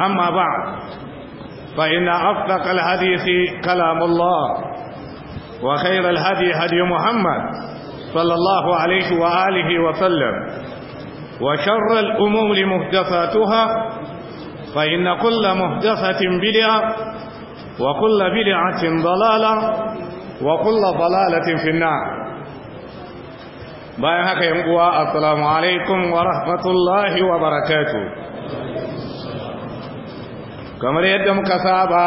أما بعد فإن أصدق الحديث كلام الله وخير الهدي هدي محمد صلى الله عليه وآله وسلم وشر الأمور مهدفاتها فإن كل مهدفة بدعة وكل بدعة ضلالة وكل ضلالة في النار بأيها كيمقوا السلام عليكم ورحمة الله وبركاته kamar yadda muka saba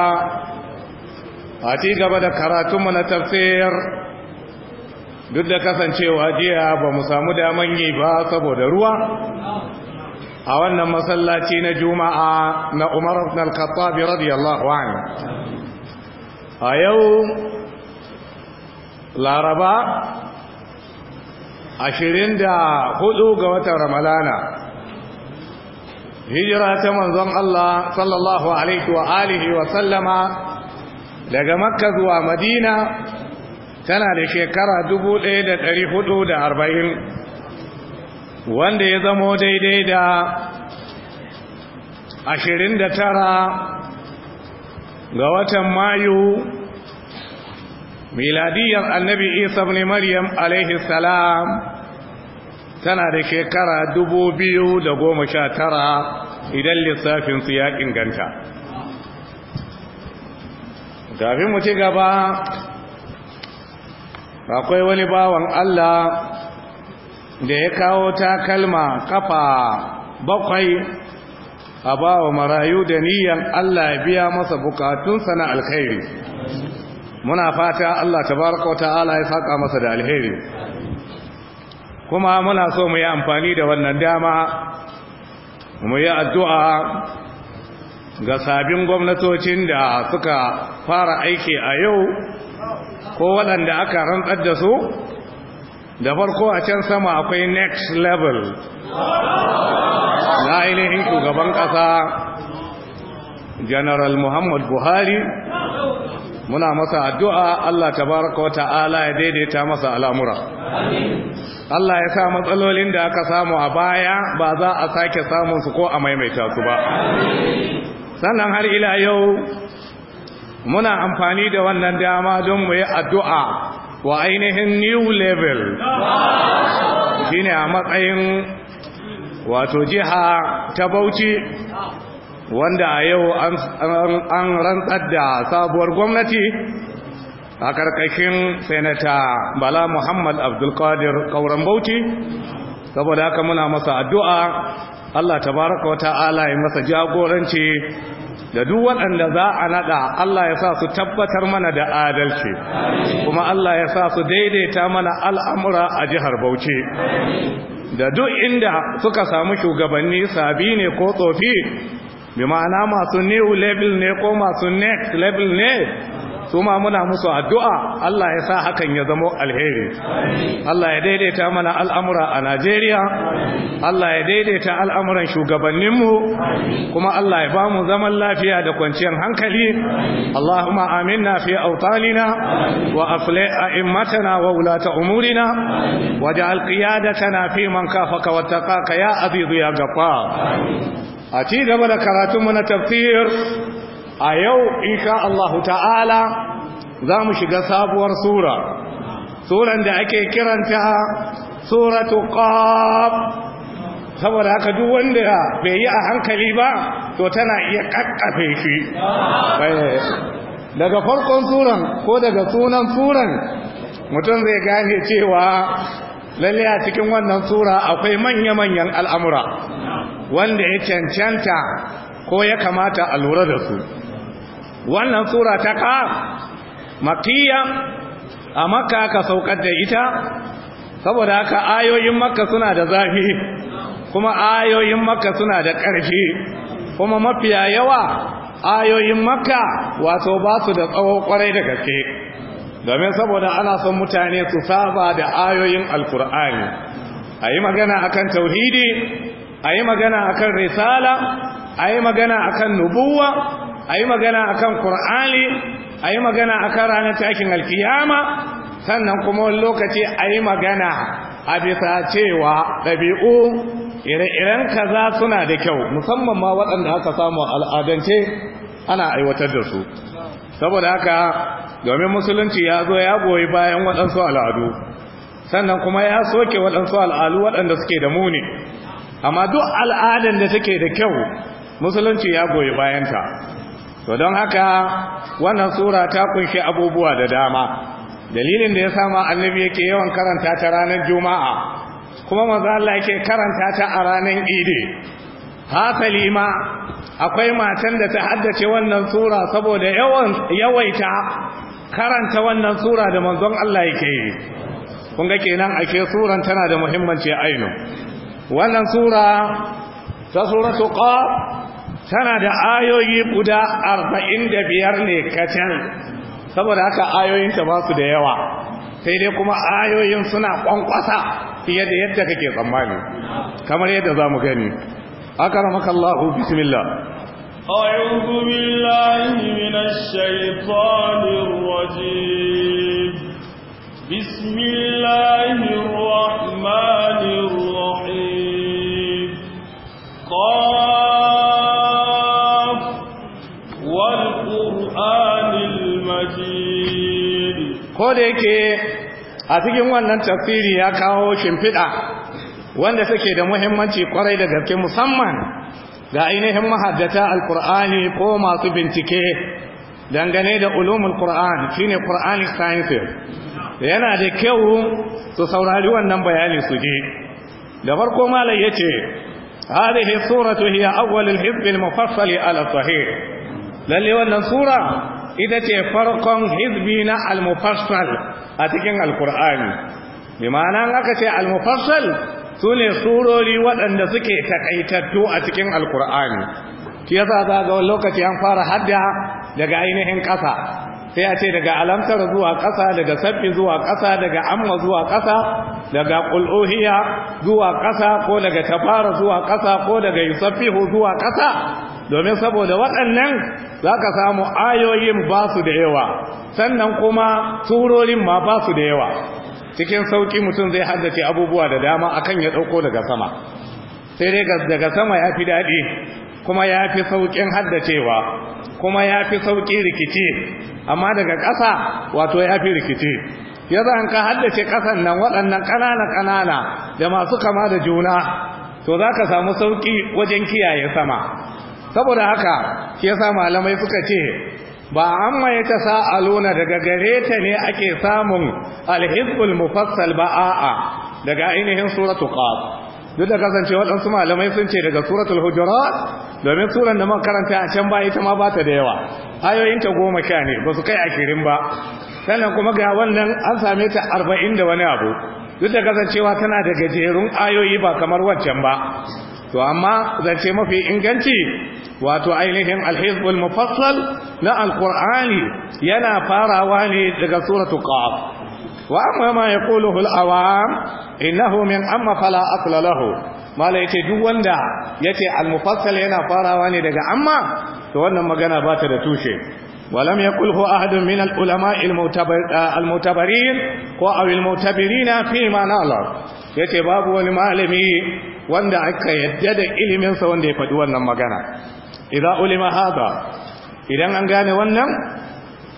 a ci gaba da karatunmu na tafsir duk da kasancewa jiya ba mu samu daman yi ba saboda ruwa a wannan masallaci na juma'a na umar al-khattab radiyallahu anhu a yau laraba 24 ga watan ramalana hijira ta manzon Allah sallallahu alaihi wa alihi wa sallama daga makka zuwa madina tana da shekara 1440 wanda ya zamo daidai da 29 ga watan mayu miladiyar annabi isa ibn maryam alaihi salam tana da shekara dubu biyu da goma sha tara idan lissafin su ya inganta kafin mu ci gaba akwai wani bawan Allah da ya kawo takalma kafa bakwai a bawa marayu da niyan Allah ya biya masa bukatunsa na alkhairi muna fata Allah tabaraka wa ta'ala ya saƙa masa da alheri kuma muna so mu yi amfani da wannan dama mu yi addu'a ga sabin gwamnatocin da suka fara aiki a yau ko waɗanda aka rantsar da su da farko a can sama akwai next level na ainihin shugaban ƙasa general muhammad buhari muna masa addu'a Allah ta wata ala ya daidaita masa al'amura Allah ya sa matsalolin da aka samu a baya ba za a sake samun su ko a maimaita su ba sannan har ila yau muna amfani da wannan dama don mu yi addu'a wa ainihin new level shi ne a matsayin wato jiha ta Bauchi wanda a yau an rantsar da sabuwar gwamnati a karkashin senata bala muhammad abdulkadir kauran bauchi saboda haka muna masa addu'a allah tabaraka wa ta'ala yi masa jagoranci da duk waɗanda za a naɗa Allah ya sa su tabbatar mana da adalci kuma Allah ya sa su daidaita mana al'amura a jihar Bauchi da duk inda suka samu shugabanni sabi ne ko tsofi bi ma'ana masu new level ne ko masu next level ne su ma muna musu addu'a Allah ya sa hakan ya zama alheri Allah ya daidaita mana al'amura a Najeriya Allah ya daidaita al'amuran shugabanninmu kuma Allah ya ba mu zaman lafiya da kwanciyar hankali Allahumma aminna fi autalina wa afle a immatana wa ta umurina waje alƙiyadatana fi man kafa kawata kaka ya azizu ya gafa a ci gaba da karatunmu na tafsir a yau insha Allah ta'ala za mu shiga sabuwar sura suran da ake kiranta suratu qaf saboda haka duk wanda bai yi a hankali ba to tana iya kakkafe shi eh. daga farkon suran ko daga sunan suran mutum zai gane cewa lalle a cikin wannan sura akwai manya-manyan al'amura wanda ya cancanta ko ya kamata a lura da su wannan sura ta ka makiya a makka ka saukar da ita saboda haka ayoyin makka suna da zafi kuma ayoyin makka suna da ƙarfi kuma mafiya yawa ayoyin makka wato ba su da tsawo kwarai da gaske domin saboda ana son mutane su saba da ayoyin alkur'ani a yi magana akan tauhidi a yi magana akan risala a yi magana akan nubuwa a yi magana akan kur'ani a yi magana akan ranar takin alkiyama sannan kuma wani lokaci a yi magana a bisa cewa ɗabi'u ire-iren kaza suna da kyau musamman ma waɗanda aka samu al'adance ana aiwatar da su saboda haka domin musulunci ya zo ya goyi bayan waɗansu al'adu sannan kuma ya soke waɗansu al'adu waɗanda suke da muni amma duk al'adar da take da kyau musulunci ya goyi bayanta to don haka wannan sura ta kunshi abubuwa da dama dalilin da ya sama annabi yake yawan karanta ta ranar juma'a kuma manzo yake karanta ta a ranar idi hasali ma akwai matan da ta haddace wannan sura saboda yawaita karanta wannan sura da manzon Allah yake yi kun ga kenan ake suran tana da muhimmanci ainu wannan sura ta suratu qaf tana da ayoyi guda 45 ne kacan saboda haka ayoyin ta ba da yawa sai dai kuma ayoyin suna kwankwasa fiye da yadda kake tsammani kamar yadda zamu gani akaramakallahu bismillah أعوذ بالله من الشيطان الرجيم بسم الله الرحمن الرحيم قاف والقرآن المجيد قولك أتكي وانا تفسيري يا كاو شمفتا wanda suke da muhimmanci kwarai da gaske ga ainihin mahaddata alkur'ani ko masu bincike dangane da ulumul qur'an shine qur'anic sciences yana da kyau su saurari wannan bayani su je da farko malai yace hadhihi suratu hiya awwal al-hizb al-mufassal ala sahih lalle wannan sura ita ce farkon hizbi na al-mufassal a cikin al-qur'ani bi ma'ana aka ce al-mufassal Sune ne surori waɗanda suke takaitattu a cikin alkur'ani shi yasa za ga wani lokaci an fara hadda daga ainihin ƙasa sai a ce daga alamtar zuwa ƙasa daga sabbi zuwa ƙasa daga amma zuwa ƙasa daga ƙul'uhiya zuwa ƙasa ko daga tabara zuwa ƙasa ko daga yusaffihu zuwa ƙasa domin saboda waɗannan za ka samu ayoyin ba su da yawa sannan kuma surorin ma ba su da yawa cikin sauki mutum zai haddace abubuwa da dama akan ya ɗauko daga sama sai dai daga sama ya fi daɗi kuma ya fi sauƙin haddacewa kuma ya fi sauƙi rikici amma daga ƙasa wato ya fi rikici ya za ka haddace ƙasan nan waɗannan ƙanana-ƙanana da masu kama da juna to za ka samu sauƙi wajen kiyaye sama saboda haka shi yasa malamai suka ce ba amma ya ta sa'aluna daga gare ta ne ake samun alhizbul mufassal ba a'a daga ainihin suratu qaf duk da kasance waɗansu malamai sun ce daga suratul hujurat domin suran da makaranta a can ba ita ma ba ta da yawa ayoyin ta goma sha ne ba su kai a kirin ba sannan kuma ga wannan an same ta arba'in da wani abu duk da kasancewa tana da gajerun ayoyi ba kamar wancan ba to amma zance mafi inganci wato ainihin alhizbul mufassal na alqur'ani yana farawa ne daga suratul qaf wa amma ma yaquluhu alawam innahu min amma fala asla lahu mala yace duk wanda yace almufassal yana farawa ne daga amma to wannan magana ba ta da tushe ولم يقله أحد من العلماء المعتبرين أو المعتبرين فيما نظر yake babu wani malami wanda aka yadda da iliminsa wanda ya faɗi wannan magana idza ulima hada idan an gane wannan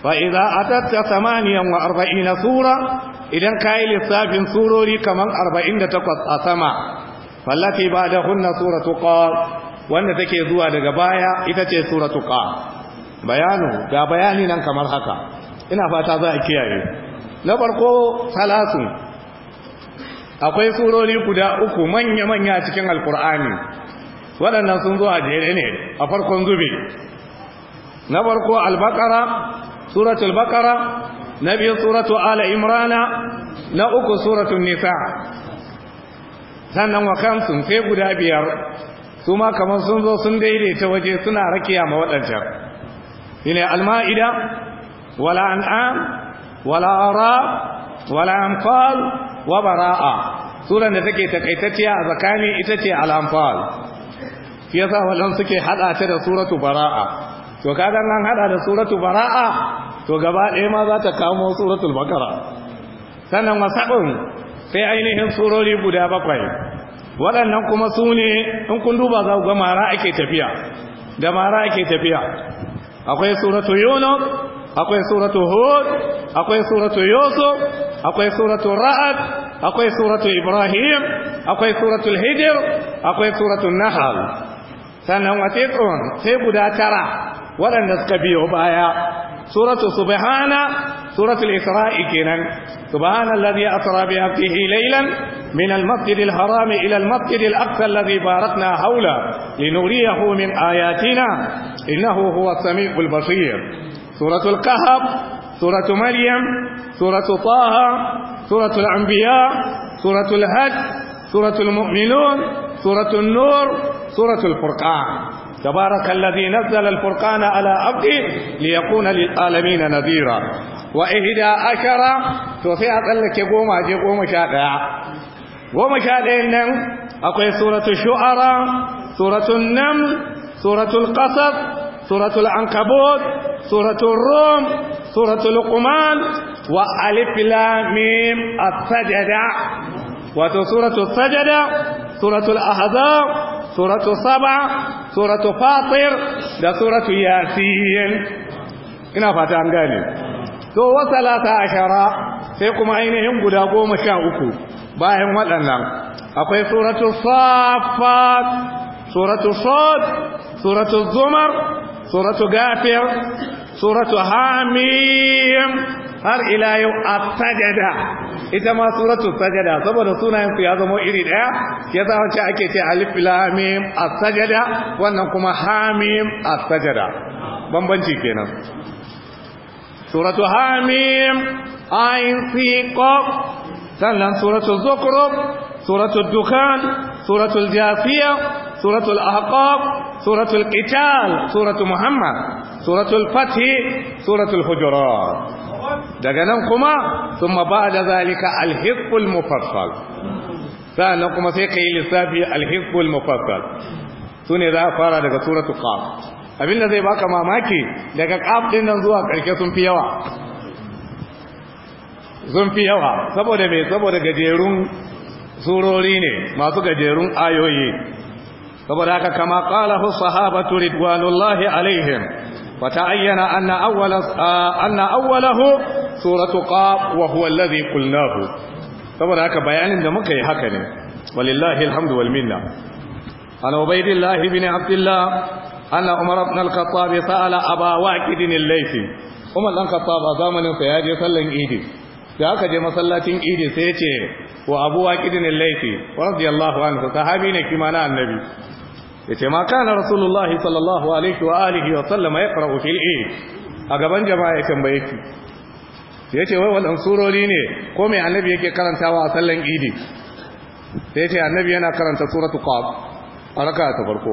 samaniyan wa atatta na sura idan kai lissafin surori kaman takwas a sama fallati ba'dahunna suratu qaf wanda take zuwa daga baya ita ce suratu qaf bayanu ga bayani nan kamar haka ina fata za a kiyaye na farko salasun akwai surori guda uku manya-manya cikin alkur'ani waɗannan sun zo a jere ne a farkon zube na farko albakara suratul bakara na biyu suratul ala imrana na uku suratul nisa sannan sun sai guda biyar su ma kamar sun zo sun daidaita waje suna rakiya ma waɗancan shine alma'ida wala an'am wala ara wala amfal wa bara'a suran da take takaitacciya a zakani ita ce al-amfal shi yasa wannan suke hada ta da suratu bara'a to kaga nan hada da suratu bara'a to gaba ɗaya ma za ta kawo suratul bakara sannan wasaɓin sai ainihin surori guda bakwai waɗannan kuma su ne in kun duba za ku ga mara ake tafiya da mara ake tafiya akwai suratu yunus أقوي سورة هود أقوي سورة يوسف أقوي سورة رعد أقوي سورة إبراهيم أقوي سورة الهجر أقوي سورة النحل سنه أتيتون سيبو دا ترى ولا نسكبيه بايا سورة سبحان سورة الإسراء كنن سبحان الذي أسرى بأبته ليلا من المسجد الحرام إلى المسجد الأقصى الذي باركنا حوله لنريه من آياتنا إنه هو السميع البصير سورة القهر سورة مريم سورة طه سورة الأنبياء سورة الهد سورة المؤمنون سورة النور سورة الفرقان تبارك الذي نزل الفرقان على عبده ليكون للعالمين نذيرا وإهدى أشر توفي لك قوم أجي قوم شادع قوم شادع إنهم أقول سورة الشعراء سورة النمل سورة القصص suratul ankabut suratul rum suratul luqman wa alif lam mim as-sajda wato suratul sajda suratul ahzab suratul saba suratul fatir da suratul yasin ina fata an gane to wa salata ashara sai kuma ainihin guda goma sha uku bayan waɗannan akwai suratul safat suratul sad suratul zumar suratu gafir suratu hamim har ila yau ita ma suratu sajada saboda sunayen su ya zama iri daya ya zama ake ce alif lam mim wannan kuma hamim a'sajada. tajada bambanci kenan suratu hamim ain fi sannan suratu zukhruf suratu dukan, suratu al-jasiya suratu al suratul qital suratul muhammad suratul fathi suratul hujurat daga nan kuma thumma ba'da zalika al-hifzul mufassal sannan kuma sai kai lissafi al-hifzul mufassal sune za a fara daga suratul qaf abinda zai baka mamaki daga qaf din nan zuwa karshe sun fi yawa sun fi yawa saboda me saboda gajerun surori ne masu gajerun ayoyi saboda haka kama qalahu sahabatu ridwanullahi alaihim wata ayyana anna awwala awwalahu suratu qaf wa huwa alladhi qulnahu saboda haka bayanin da muka yi haka ne walillahi alhamdu wal minna an ubaydillah ibn abdullah anna umar ibn al-khattab sa'ala aba waqid al umar ibn al-khattab a zamanin sa ya je sallan idi da aka je masallacin idi sai ya ce wa abu laifi al-laythi radiyallahu anhu sahabi ne kimana annabi ce ma na rasulullah sallallahu alaihi wa alihi wa sallama yaqra'u fil eid a gaban jama'a ya tambaye ki yace wai wannan surori ne ko me annabi yake karantawa a sallan idi sai yace annabi yana karanta suratu qab a raka ta farko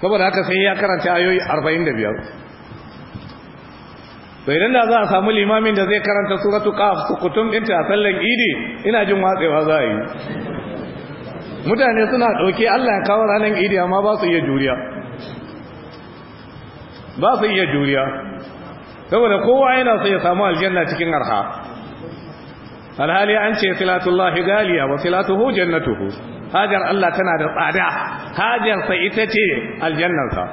saboda haka sai ya karanta ayoyi 45 bai dan da za a samu limamin da zai karanta suratu qaf sukutum dinta a sallan idi ina jin watsewa za a yi mutane suna ɗauke Allah ya kawo ranar idi amma ba su iya juriya ba su iya juriya saboda kowa yana so ya samu aljanna cikin arha alhali an ce silatullahi galiya wa silatuhu jannatuhu hajar Allah tana da tsada hajarsa ita ce aljannarsa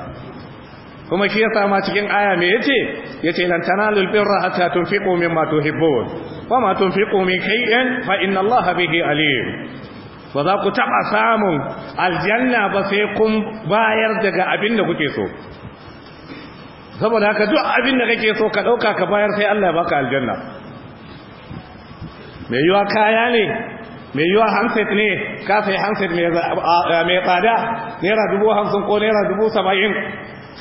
kuma shi yasa ma cikin aya me yace yace lan tanalul birra hatta tunfiqu mimma tuhibbun ma tunfiqu min shay'in fa inna Allaha bihi alim ba za ku taɓa samun aljanna ba sai kun bayar daga abin da kuke so saboda haka duk abin da kake so ka ɗauka ka bayar sai Allah ya baka aljanna Me yiwa kaya ne Me yiwa handset ne ka sai handset mai tsada naira dubu hamsin ko naira dubu saba'in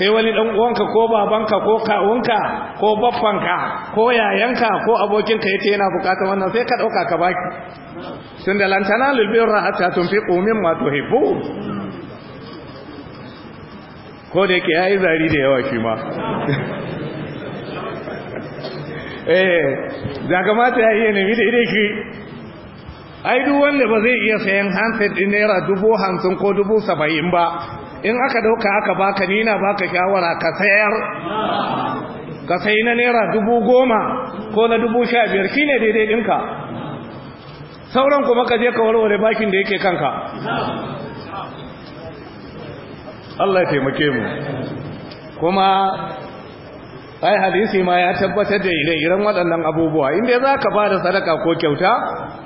sai wani dan uwanka ko babanka ko kawunka ko baffanka ko yayanka ko abokinka yace yana bukatar wannan sai ka dauka ka baki tunda lan tanalul birra hatta tunfiqu mimma tuhibbun ko da ke yayi zari da yawa shi ma eh da kamata ya yi ne mi da ide ki ai duk wanda ba zai iya sayan handset din naira dubu hamsin ko dubu saba'in ba in aka dauka aka baka ni na baka shawara ka sayar ka sayi na naira dubu goma ko na dubu sha biyar shi ne daidai ɗinka sauran kuma ka je ka warware bakin da yake kanka Allah ya taimake mu kuma ai hadisi ma ya tabbatar da ire-iren waɗannan abubuwa inda za ka ba da sadaka ko kyauta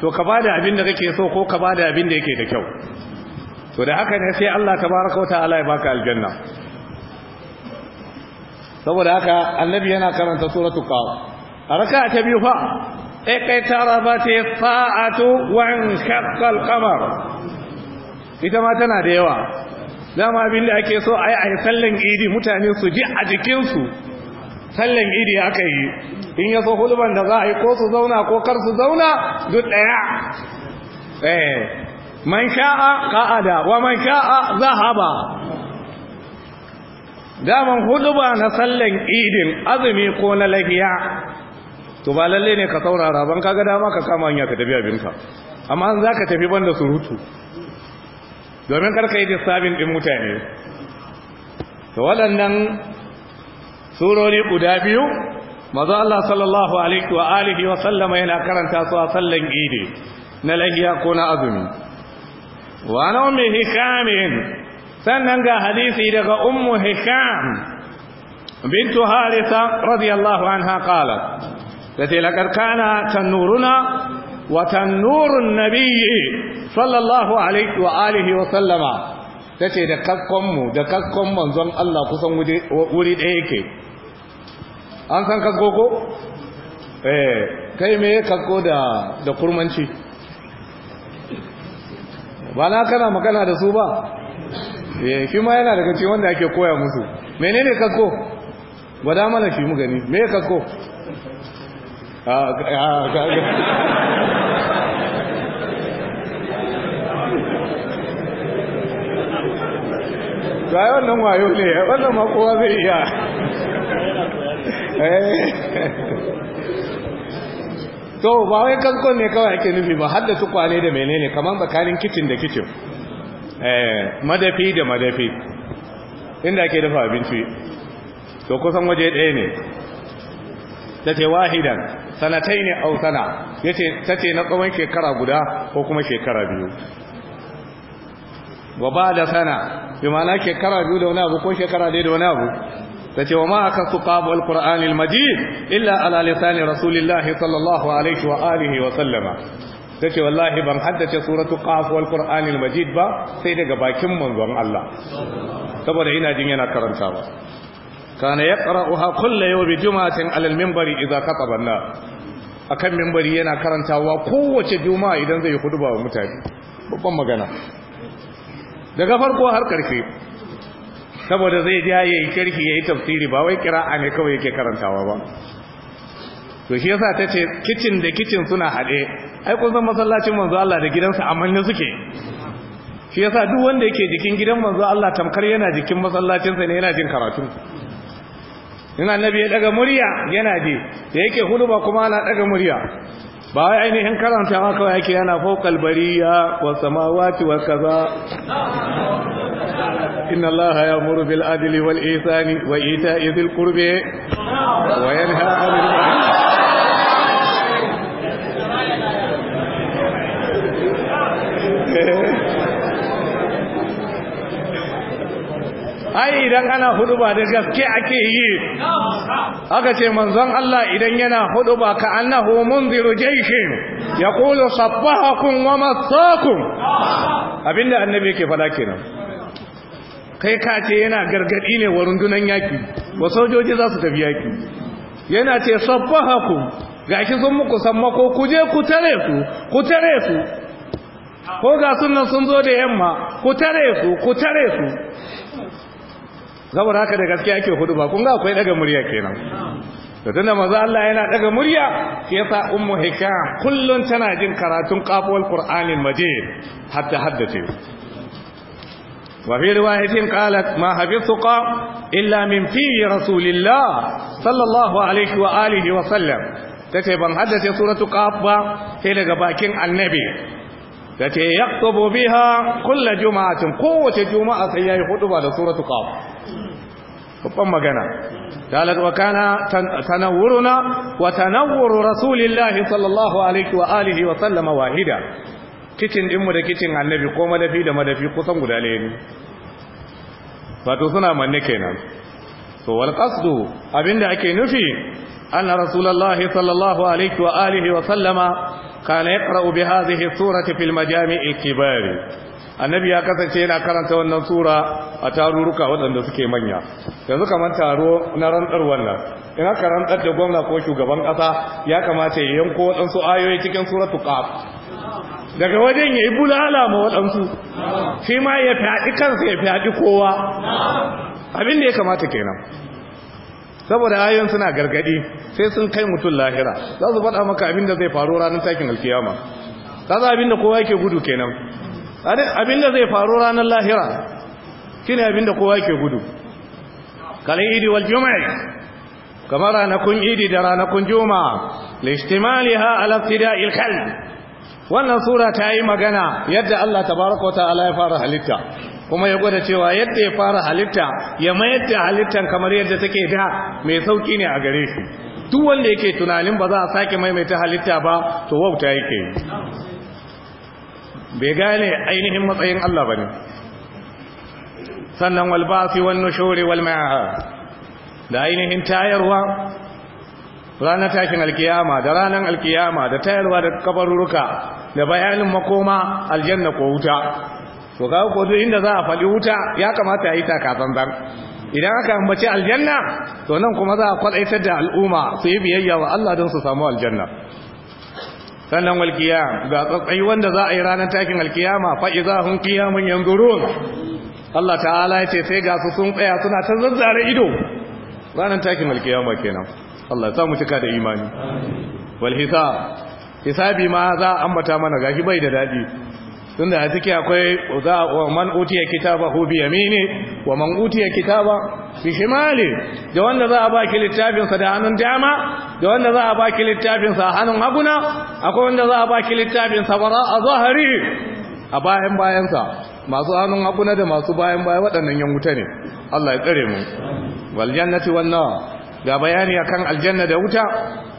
to ka ba da abin da kake so ko ka ba da abin da yake da kyau to da haka ne sai Allah tabaraka wa ta'ala ya baka aljanna saboda haka annabi yana karanta suratu qaf a ta biyu fa iqtarabat sa'atu wa inshaqqa al ita ma tana da yawa dama abin da ake so ayi ai sallan idi mutane su ji a jikin su sallan idi aka yi in yaso hulban da za a yi ko su zauna ko kar su zauna duk daya eh man sha'a qa'ada wa man sha'a zahaba daman huduba na sallan idin azumi ko na lagiya. to ba lalle ne ka saurara ban kaga dama ka kama hanya ka tafi abinka amma an zaka tafi banda surutu domin karka yi disabin din mutane to waɗannan surori guda biyu maza Allah sallallahu alaihi wa alihi wa sallama yana karanta su a sallan idi na lahiya ko na azumi wa naumi hikamin sannan ga hadisi daga ummu hikam bintu haritha radiyallahu anha qalat tace laqad kana tanuruna wa tanurun nabiyyi sallallahu alaihi wa alihi wa sallama tace da kakkon mu da kakkon manzon Allah kusan wuri ɗaya ke. an san kakko ko eh kai me kakko da da kurmanci ba na kana magana da su ba eh, shi ma yana daga cikin wanda ake koya musu menene kakko gwada mana shi mu gani me kakko yi ah, ah, ah, wannan wayo ne, wannan makowa zai iya. Eh. to ba wai kankon ne kawai ake nufi ba har da su kwane da menene kamar bakanin kicin da kicin eh, madafi da madafi inda ake dafa abinci to kusan waje ɗaya ne ta ce wahidan sanatai ne au sana ta ce na tsawon shekara guda ko kuma shekara biyu wa ba da sana bi na shekara biyu da wani abu ko shekara ɗaya da wani abu tace wa ma aka suqab alquran almajid illa ala lisan rasulillahi sallallahu alaihi wa alihi wa sallama tace wallahi ban haddace suratu qaf wal qur'anil majid ba sai daga bakin manzon Allah saboda ina jin yana karantawa kana yaqra'uha kullu yawm juma'atin 'ala al-minbari khataba akan minbari yana karantawa kowace juma'a idan zai huduba wa mutane babban magana daga farko har karfe saboda zai ja ya yi yayi ya yi tafsiri ba wai a ne kawai yake karantawa ba to shi yasa ta ce kicin da kicin suna haɗe ai kun san masallacin manzo Allah da gidansa ne suke shi yasa duk wanda yake jikin gidan manzo Allah tamkar yana jikin masallacinsa ne yana jin karatu in annabi ya daga murya yana ji da yake hudu ba kuma ana daga murya ba wai ainihin karantawa kawai yake yana fokal bariya was samawati wa kaza inna allaha ya'muru bil adli wal ihsani wa ita'i dhil qurbi wa yanha 'anil ai idan ana huduba da gaske ake yi aka ce manzon Allah idan yana hudu ba ka annahu munziru ya kulu sabbahakum wa masakum abinda annabi yake fada kenan kai ka ce yana gargadi ne wa rundunan yaki wa sojoji za su tafi yaki yana ce sabbahakum gashi sun muku sammako ku je ku tare su ku tare su ko ga sunan sun zo da yamma ku tare su ku tare su saboda haka da gaskiya ake hudu ba kun ga akwai daga murya kenan da tunda maza Allah yana daga murya sai yasa ummu hikam kullun tana jin karatun qafuwal qur'anil majid hatta haddace wa fi riwayatin qalat ma habithuqa illa min fi rasulillah sallallahu alaihi wa alihi wa sallam tace ban haddace suratu qaf ba sai daga bakin annabi da ce yaktubu biha kulla juma'atin kowace juma'a sai ya yayi hutuba da suratu qaf babban magana ta wa kana tanawuruna wa tanawuru rasulillahi sallallahu alaihi wa alihi wa sallama wahida kicin dinmu da kicin annabi ko madafi da madafi kusan guda ɗaya ne wato suna manne kenan to wal qasdu abinda ake nufi anna rasulullahi sallallahu alaihi wa alihi wa sallama kana ya yaqra'u bi hadhihi surati fil jami'in kibari annabi ya kasance yana karanta wannan sura a tarurruka waɗanda suke manya yanzu kamar taro na rantsar wannan Ina aka da gwamna ko shugaban ƙasa ya kamata ya yanko waɗansu ayoyi cikin suratu qaf daga wajen ya yi bulala ma waɗansu shi ma ya fyaɗi kansa ya fyaɗi kowa abin da ya kamata kenan saboda ayoyin suna gargadi sai sun kai mutum lahira za su faɗa maka abin da zai faru ranar takin alkiyama za su abin da kowa yake gudu kenan abin da zai faru ranar lahira shine abin da kowa yake gudu kalin idi wal juma'i kamar ranakun idi da ranakun juma'a lishtimaliha ala ibtida'il khalq wannan sura ta yi magana yadda Allah tabaraka wa ta'ala ya fara halitta kuma ya gwada cewa yadda ya fara halitta ya mayar da halittan kamar yadda take da mai sauki ne a gare shi duk wanda yake tunanin ba za a sake maimaita halitta ba to wauta yake bai gane ainihin matsayin Allah bane sannan wal basi wan nushuri wal da ainihin tayarwa ranar tashin alkiyama da ranar alkiyama da tayarwa da kabaruruka da bayanin makoma aljanna ko wuta to kawo ko duk inda za a faɗi wuta ya kamata a yi taka zanzan idan aka ambaci aljanna to nan kuma za a kwaɗaitar da al'umma su yi biyayya wa Allah don su samu aljanna sannan walƙiya ga tsatsai wanda za a yi ranar takin alkiyama fa'i za hun kiyamun yanzurun Allah ta'ala ya ce sai ga su sun tsaya suna ta zazzare ido ranar takin alkiyama kenan Allah ya sa mu cika da imani wal hisab hisabi ma za a ambata mana gashi bai da dadi tunda a ciki akwai wa man utiya kitaba hu bi yamini wa man utiya kitaba bi shimali da wanda za a baki littafin sa da hannun dama da wanda za a baki littafin sa hannun haguna akwai wanda za a baki littafin sa bara a zahari a bayan bayan sa masu hannun haguna da masu bayan bayan waɗannan yan wuta ne Allah ya tsare mu wal jannati wan nar ga bayani akan aljanna da wuta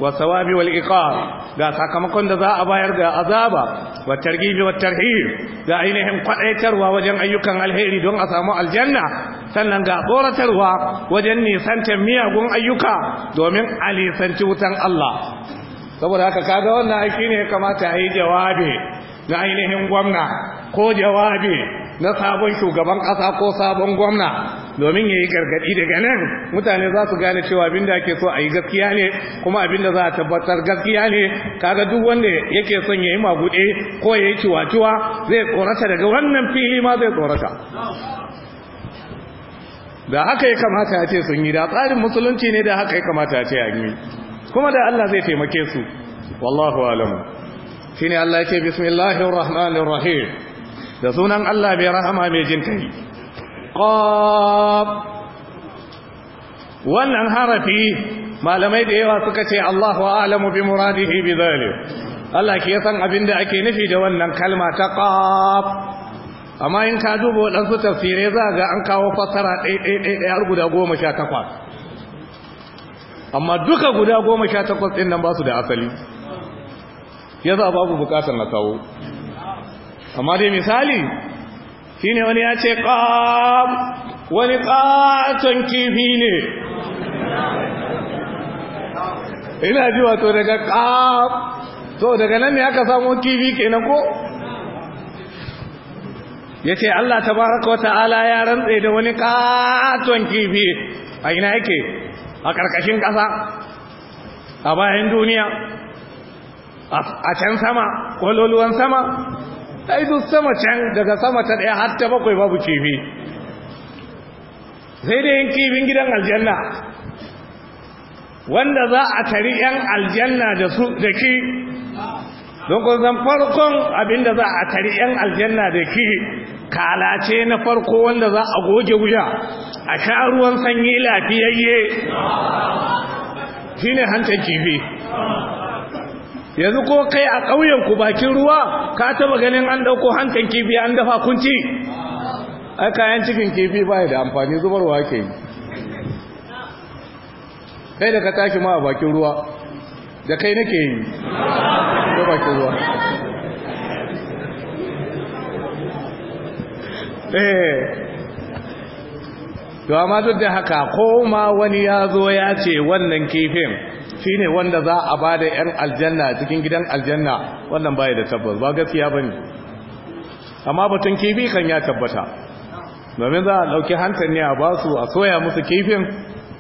wa sawabi wal iqab ga sakamakon da za a bayar ga azaba wa targhib wa tarhib ga ainihin kwadaitarwa wajen ayyukan alheri don a samu aljanna sannan ga tsoratarwa wajen nisantar miyagun ayyuka domin a nisanci wutan Allah saboda haka kaga wannan aiki ne ya kamata a yi jawabi na ainihin gwamna ko jawabi na sabon shugaban ƙasa ko sabon gwamna domin ya yi gargaɗi daga nan mutane za su gane cewa abinda ake so a yi gaskiya ne kuma abinda za a tabbatar gaskiya ne kaga duk wanda yake son ya yi maguɗe ko ya yi ciwa zai korata daga wannan fili ma zai korata. da haka ya kamata a ce sun yi da tsarin musulunci ne da haka ya kamata a ce a yi kuma da Allah zai taimake su wallahu alamu shine Allah ya ce bismillahir rahmanir rahim da sunan Allah bai rahama mai jin qaf wannan harafi malamai da yawa suka ce Allahu a'lamu bi muradihi bi Allah ke san abin da ake nufi da wannan kalma ta qaf amma in ka duba waɗansu tafsirai za ga an kawo fassara dai har guda goma sha takwas amma duka guda goma sha nan ba su da asali yaza babu bukatar na kawo amma dai misali shine wani ya ce Qam wani qatan kifi ne ina ji wato daga Qam. to daga nan ne aka samu kifi kenan ko yace Allah tabaraka wa ta'ala ya rantse da wani ƙaton kifi a ina yake a ƙarƙashin ƙasa, a bayan duniya a can sama kololuwan sama ai duk sama can daga sama ta daya har ta bakwai babu kifi sai dai yin kifin gidan aljanna wanda za a tari yan aljanna da su da ki don kun san farkon abinda za a tari yan aljanna da ki kalace na farko wanda za a goge wuya a sha ruwan sanyi lafiyayye shine hantar kifi yanzu ko kai a ƙauyen ku bakin ruwa ka taba ganin an dauko hankan kifi an dafa kunci ai kayan cikin kifi ba da amfani zubarwa ke yi kai da ka tashi ma a bakin ruwa da kai nake yi da bakin ruwa eh to amma duk da haka ko ma wani ya zo ya ce wannan kifin shine wanda za a ba da yan aljanna cikin gidan aljanna wannan baya da tabbas ba gaskiya ne. amma batun kifi kan ya tabbata domin za a ɗauki hantar ne a ba su a soya musu kifin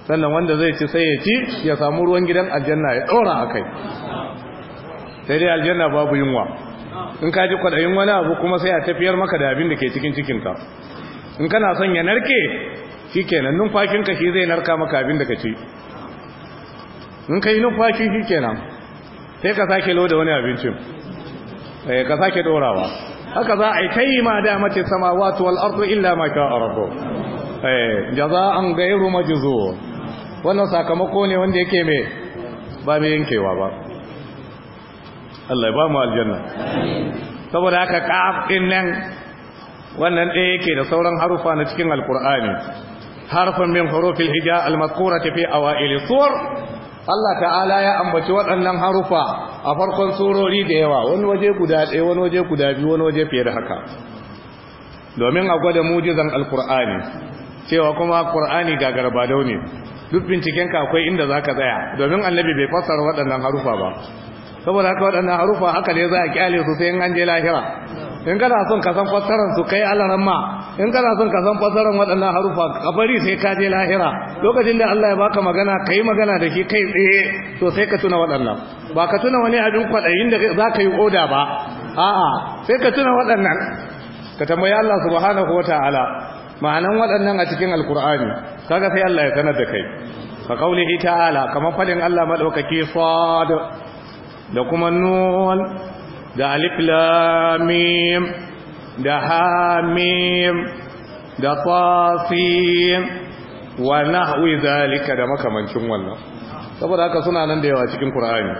sannan wanda zai ci sai ya ci ya samu ruwan gidan aljanna ya ɗora a kai sai dai aljanna babu yunwa in ka ji kwaɗayin wani abu kuma sai a tafiyar maka da abin da ke cikin cikinka in kana son ya narke shi kenan numfakinka shi zai narka maka abin da ka ci in ka yi numfashi shi kenan sai ka sake loda wani abincin eh, ka sake dorawa haka za a yi ta yi ma dama ce sama wato al'arzu illa ma ka a rabu eh, jaza an gairu majizo wannan sakamako ne wanda yake mai ba mai yankewa ba Allah ba mu aljanna saboda haka kaf din nan wannan ɗaya yake da sauran harufa na cikin Alƙur'ani harfan min hurufil hija almadhkurati fi awail suwar Allah ta'ala ya ambaci waɗannan harufa a farkon surori da yawa wani waje guda ɗaya wani waje guda biyu wani waje fiye da haka domin a gwada mujizan alkur'ani cewa kuma kur'ani ga garbadau ne duk bincikenka akwai inda za ka tsaya domin annabi bai fassara waɗannan harufa ba saboda haka waɗannan harufa haka ne za a kyale su sai an je lahira in kana son ka san fassarar su kai alaran ma in kana son ka san fassarar waɗannan harufa a bari sai ka je lahira lokacin da Allah ya baka magana kai magana da shi kai tsaye to sai ka tuna waɗannan ba ka tuna wani abin kwaɗayin da za ka yi oda ba a'a sai ka tuna waɗannan ka tambayi Allah subhanahu wataala ma'anan waɗannan a cikin alkur'ani kaga sai Allah ya sanar da kai ka kaulihi ta'ala kamar fadin Allah madaukake sad da kuma nun da alif lamim da hamim da tasin wa nahwi zalika da makamancin wannan saboda haka suna nan da yawa cikin qur'ani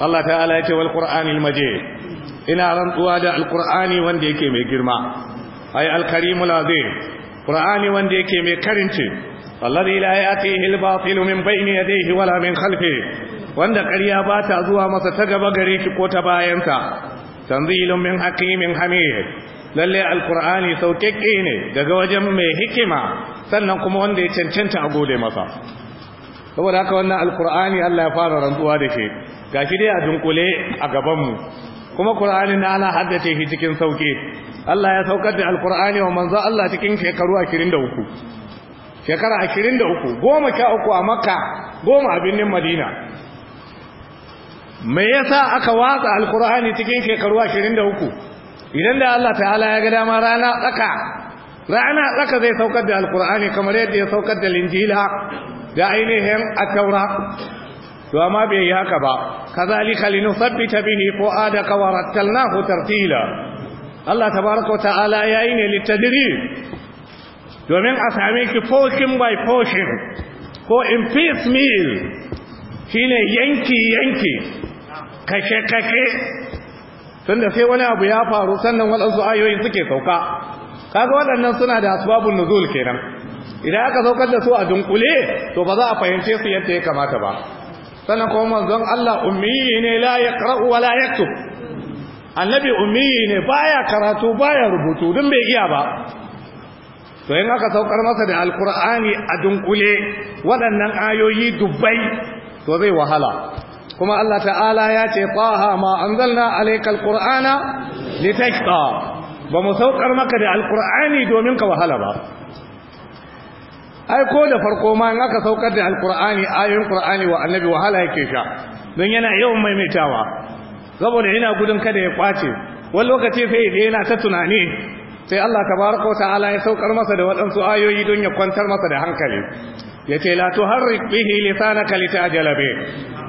Allah ta'ala ya ce wal qur'anil majid ina rantsuwa da alqur'ani wanda yake mai girma ay alkarimul azim qur'ani wanda yake mai karinci alladhi la ya'tihi al-batil min bayni yadayhi wala min khalfihi wanda ƙarya ba ta zuwa masa ta gaba gare shi ko ta bayansa tanzilun min hakimin hamid lalle alqur'ani sauƙaƙe ne daga wajen mai hikima sannan kuma wanda ya cancanta a gode masa saboda haka wannan alqur'ani Allah ya fara rantsuwa da shi gashi dai a dunkule a gaban mu kuma qur'ani na ana haddace shi cikin sauƙi Allah ya saukar da alqur'ani wa manzo Allah cikin shekaru 23 shekara 23 goma sha uku a makka goma a birnin madina mai yasa aka watsa alkur'ani cikin shekaru 23 idan da Allah ta'ala ya ga dama rana tsaka rana tsaka zai saukar da alkur'ani kamar yadda ya saukar da linjila da ainihin at-taura to amma bai yi haka ba kazalika linusabbita bihi fuadaka wa rattalnahu tartila Allah tabaaraka ta'ala yayi ne litadrib domin a same ki portion by portion ko in mil shine yanki yanki kake kashe tunda sai wani abu ya faru sannan waɗansu ayoyin suke sauka kaga waɗannan suna da asbabun nuzul kenan idan aka saukar da su a dunkule to ba za a fahimce su yadda ya kamata ba sannan kuma manzon Allah ummi ne la yaqra'u wa la yaktub annabi ummi ne baya karatu baya rubutu dun bai iya ba to in aka saukar masa da alkur'ani a dunkule waɗannan ayoyi dubbai to zai wahala kuma Allah ta'ala ya ce taha ma anzalna alaykal qur'ana litashqa ba mu saukar maka da alqur'ani domin ka wahala ba ai ko da farko ma in aka saukar da alqur'ani ayoyin qur'ani wa annabi wahala yake sha don yana yawan maimaitawa saboda yana gudun kada ya kwace wani lokaci sai ya yana ta tunani sai Allah tabaraka wa ta'ala ya saukar masa da waɗansu ayoyi don ya kwantar masa da hankali yace la tuharrik bihi lisanaka litajala bi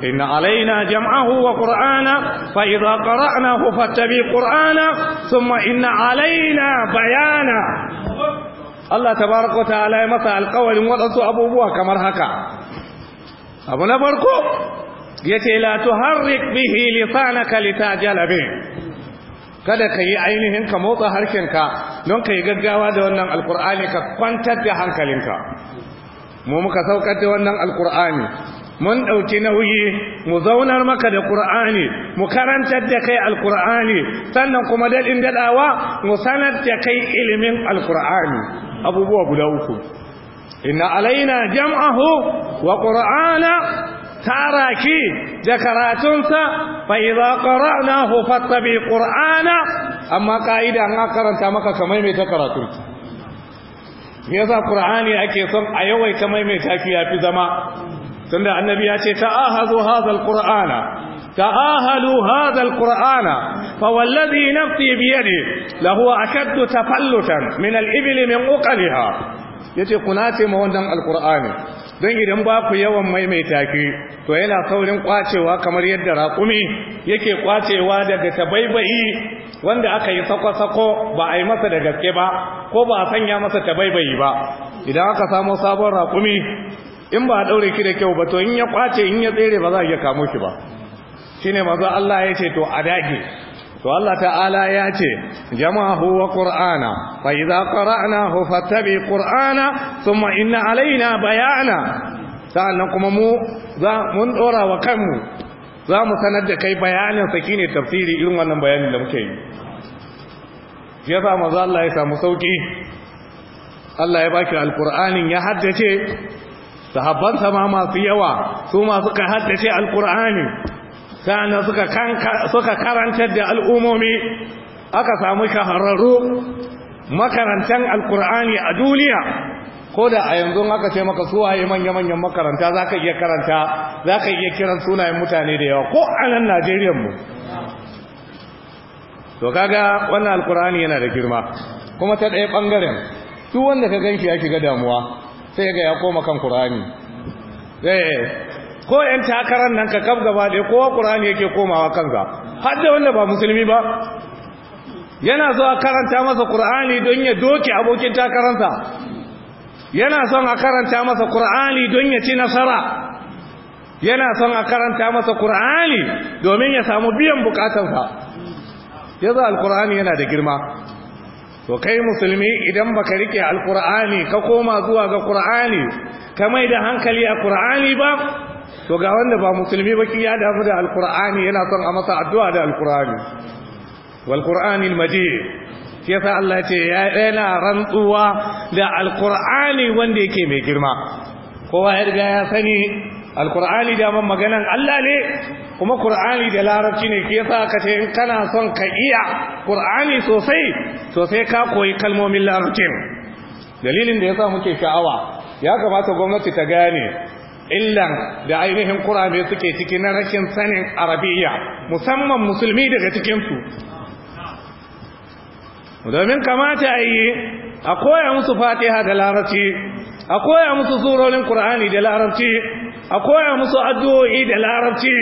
inna alaina jam'ahu wa qur'ana fa idha qara'nahu fattabi qur'ana thumma inna alaina bayana Allah tabaraka wa ta'ala ya masa alƙawarin waɗansu abubuwa kamar haka abu na farko yace la tuharrik bihi lisanaka litajala bi kada ka yi ainihin ka motsa harkenka don ka yi gaggawa da wannan alkur'ani ka kwantar da hankalinka mu muka saukar da wannan alkur'ani mun ɗauki nauyi mu zaunar maka da ƙur'ani mu karantar da kai alkur'ani sannan kuma daɗin daɗawa mu sanar da kai ilimin alkur'ani abubuwa guda uku inna alaina jam'ahu wa ƙur'ana taraki da karatunsa fa idza qara'nahu fattabi qur'ana amma ka'ida an karanta maka kamar mai ta karatu me yasa qur'ani ake son a yawaita mai shi yafi zama tunda annabi ya ce ta'ahadu hadha alqur'ana ta'ahalu hadha alqur'ana fa wallazi nafsi bi yadihi lahu ashaddu tafallutan min alibli min uqaliha yace kuna ce ma alkur'ani alqur'ani don idan ba ku yawan maimaita ki to yana saurin kwacewa kamar yadda raƙumi yake kwacewa daga tabaibayi wanda aka yi sako-sako ba a yi masa da gaske ba ko ba a sanya masa tabaibayi ba idan aka samu sabon raƙumi in ba a ɗaure ki da kyau ba to in ya kwace in ya tsere ba za a iya kamo shi ba shine Allah ya ce to a dage to Allah ta'ala ya ce jama'ahu wa qur'ana fa idza qara'nahu fattabi qur'ana thumma inna alaina bayana sa'annan kuma mu za mun dora wa kanmu za mu sanar da kai bayanin kine tafsiri irin wannan bayanin da muke yi ya sa manzo Allah ya samu sauki Allah ya baki alqur'anin ya haddace sahabban ma masu yawa su ma suka haddace alqur'ani sa'annan suka karantar da al'ummomi aka samu shahararru makarantar alkur'ani a duniya ko da a yanzu aka ce maka yi manya-manyan makaranta za ka iya karanta za ka iya kiran sunayen mutane da yawa ko a nan najeriya mu to kaga wannan alkur'ani yana da girma kuma ta ɗaya ɓangaren duk wanda ka ganshi ya shiga damuwa sai ga ya koma kan kur'ani eh, ko yan takarar nan ka kaf gaba ɗaya kowa ƙur'ani yake komawa kansa har da wanda ba musulmi ba yana so a karanta masa ƙur'ani don ya doke abokin takararsa yana son a karanta masa ƙur'ani don ya ci nasara yana son a karanta masa ƙur'ani domin ya samu biyan bukatansa ya za alƙur'ani yana da girma to kai musulmi idan baka rike alƙur'ani ka koma zuwa ga ƙur'ani ka mai da hankali a ƙur'ani ba to ga wanda ba musulmi ba ya dafu da alkur'ani yana son a masa addu'a da alkur'ani wal qur'ani al majid shi yasa Allah ya ce yana rantsuwa da alkur'ani wanda yake mai girma kowa ya riga ya sani alkur'ani da man maganan Allah ne kuma qur'ani da larabci ne ke yasa ka ce in kana son ka iya qur'ani sosai sosai ka koyi kalmomin larabci. dalilin da yasa muke sha'awa ya kamata gwamnati ta gane illan da ainihin kurame suke ciki na rashin sanin arabiya musamman musulmi daga cikinsu domin kamata a yi a koya musu fatiha da larabci a koya musu surorin Kur'ani da larabci a koya musu addu'o'i da larabci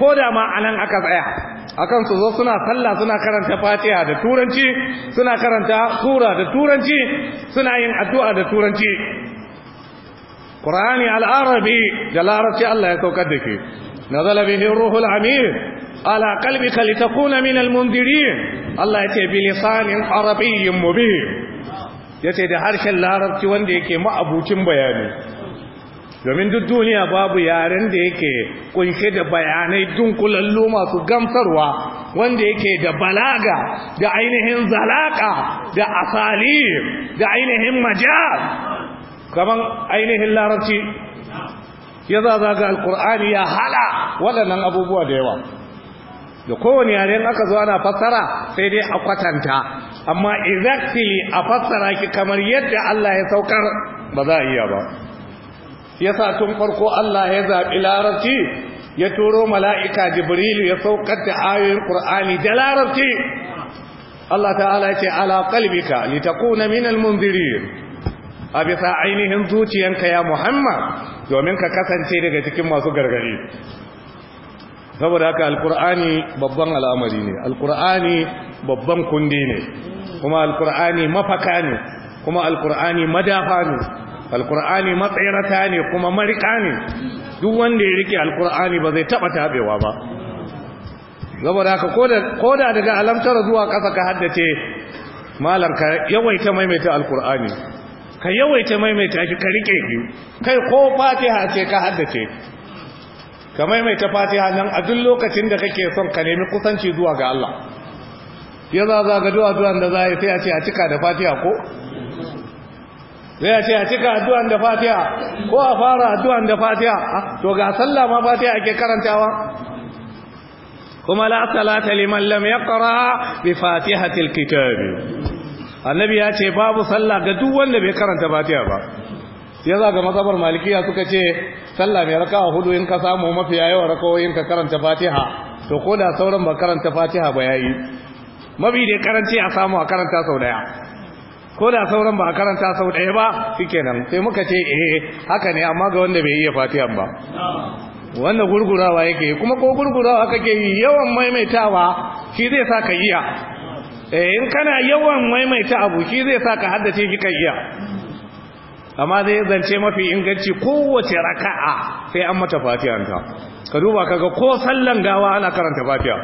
ko da ma anan aka tsaya akan su zo suna sallah suna karanta fatiha da turanci suna karanta sura da turanci suna yin addu'a da turanci Ƙur'ani al'arabi da larabci Allah ya saukar da ke nazala bihi ruhul amin ala qalbika litakuna min al Allah yace bi lisanin arabiyyin mubin yace da harshen larabci wanda yake ma'abucin bayanai domin duk duniya babu yaren da yake kunshe da bayanai dunkulallu masu gamsarwa wanda yake da balaga da ainihin zalaka da asali da ainihin majal kamar ainihin larabci ya za za ga alkur'ani ya hada waɗannan abubuwa da yawa da kowane yaren aka zo ana fassara sai dai a kwatanta amma exactly a fassara ki kamar yadda Allah ya saukar ba za a iya ba yasa tun farko Allah ya zaɓi larabci ya turo mala'ika jibrilu ya saukar da ayoyin qur'ani da larabci Allah ta'ala ya ce ala qalbika litakuna minal munzirin a bisa ainihin zuciyanka ya muhammad domin ka kasance daga cikin masu gargari saboda haka alkur'ani babban al'amari ne alkur'ani babban kundi ne kuma alkur'ani mafaka ne kuma alkur'ani madafa ne alkur'ani matsayarata ne kuma marika ne duk wanda ya rike alkur'ani ba zai taba tabewa ba saboda haka koda daga alamtar zuwa ƙasa ka haddace malam ka yawaita maimaita alkur'ani ka yawaita maimaita shi ka rike shi kai ko fatiha ce ka haddace ka maimaita fatiha nan a duk lokacin da kake son ka nemi kusanci zuwa ga Allah ya za za ga duwa da za a yi sai a ce a cika da fatiha ko sai a ce a cika duwan da fatiha ko a fara duwan da fatiha ah, to ga sallah ma fatiha ake karantawa kuma la salata liman lam yaqra bi fatihatil kitabi annabi ya ce babu sallah ga duk wanda bai karanta fatiha ba ya za ga mazhabar malikiya suka ce sallah mai raka'a hudu in ka samu mafi yawan raka'o'in ka karanta fatiha to ko da sauran ba karanta fatiha ba yayi mabi da karanci a samu a karanta sau daya ko da sauran ba a karanta sau daya ba shikenan sai muka ce eh haka ne amma ga wanda bai iya fatiha ba wanda gurgurawa yake kuma ko gurgurawa kake yi yawan maimaitawa shi zai sa ka iya Eh, in kana yawan maimaita abu shi zai sa ka haddace shi kan iya amma zai zance mafi inganci kowace raka'a sai an mata fatiyanta ka duba kaga ko sallan gawa ana karanta fatiya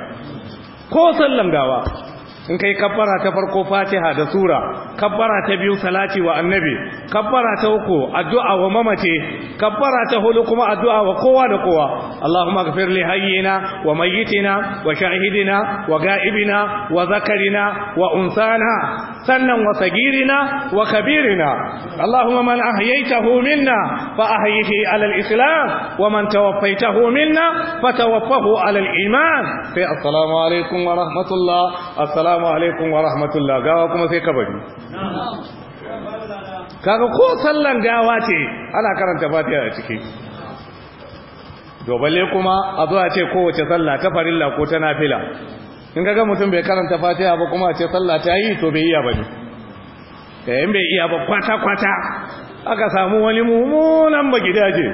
ko sallan gawa in kai kabbara ta farko fatiha da sura kabbara ta biyu salati wa annabi kabbara ta uku addu'a wa mamace kabbara ta hudu kuma addu'a wa kowa da kowa Allahumma ghfir li hayyina wa mayyitina wa shahidina wa ga'ibina wa zakarina wa unsana sannan wa sagirina wa kabirina Allahumma man ahyaytahu minna fa ahyihi ala al-islam wa man tawaffaytahu minna fa tawaffahu ala al-iman fa assalamu alaikum wa rahmatullah assalamu assalamu alaikum wa rahmatullah gawa kuma sai ka bari, kaga ko sallan gawa ce ana karanta fatiha a ciki dobale kuma a zuwa ce kowace sallah ta farilla ko ta nafila in kaga mutum bai karanta fatiha ba kuma a ce sallah ta yi to bai iya bane eh da bai iya ba kwata-kwata aka samu wani mummunan magidaje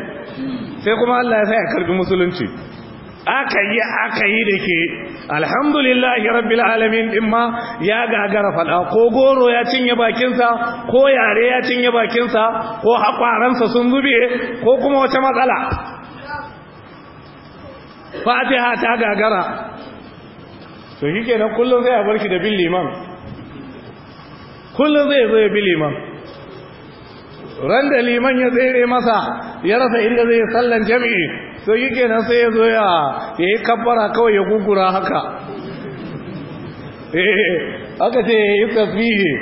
sai kuma Allah ya sa ya karbi musulunci aka yi aka yi da ke alhamdulillahi rabbil alamin din ma ya gagara fada ko goro ya cinye bakinsa ko yare ya cinye bakinsa ko hakwaransa sun zube ko kuma wata matsala fatiha ta gagara to shi kenan kullum zai a barki da bin liman kullum zai zo ya bin liman Randa liman ya tsere masa ya rasa inda zai sallan jami'i so yi nan sai ya zo ya ya yi kabbara kawai ya gugura haka eh aka ce ya yi tasbihi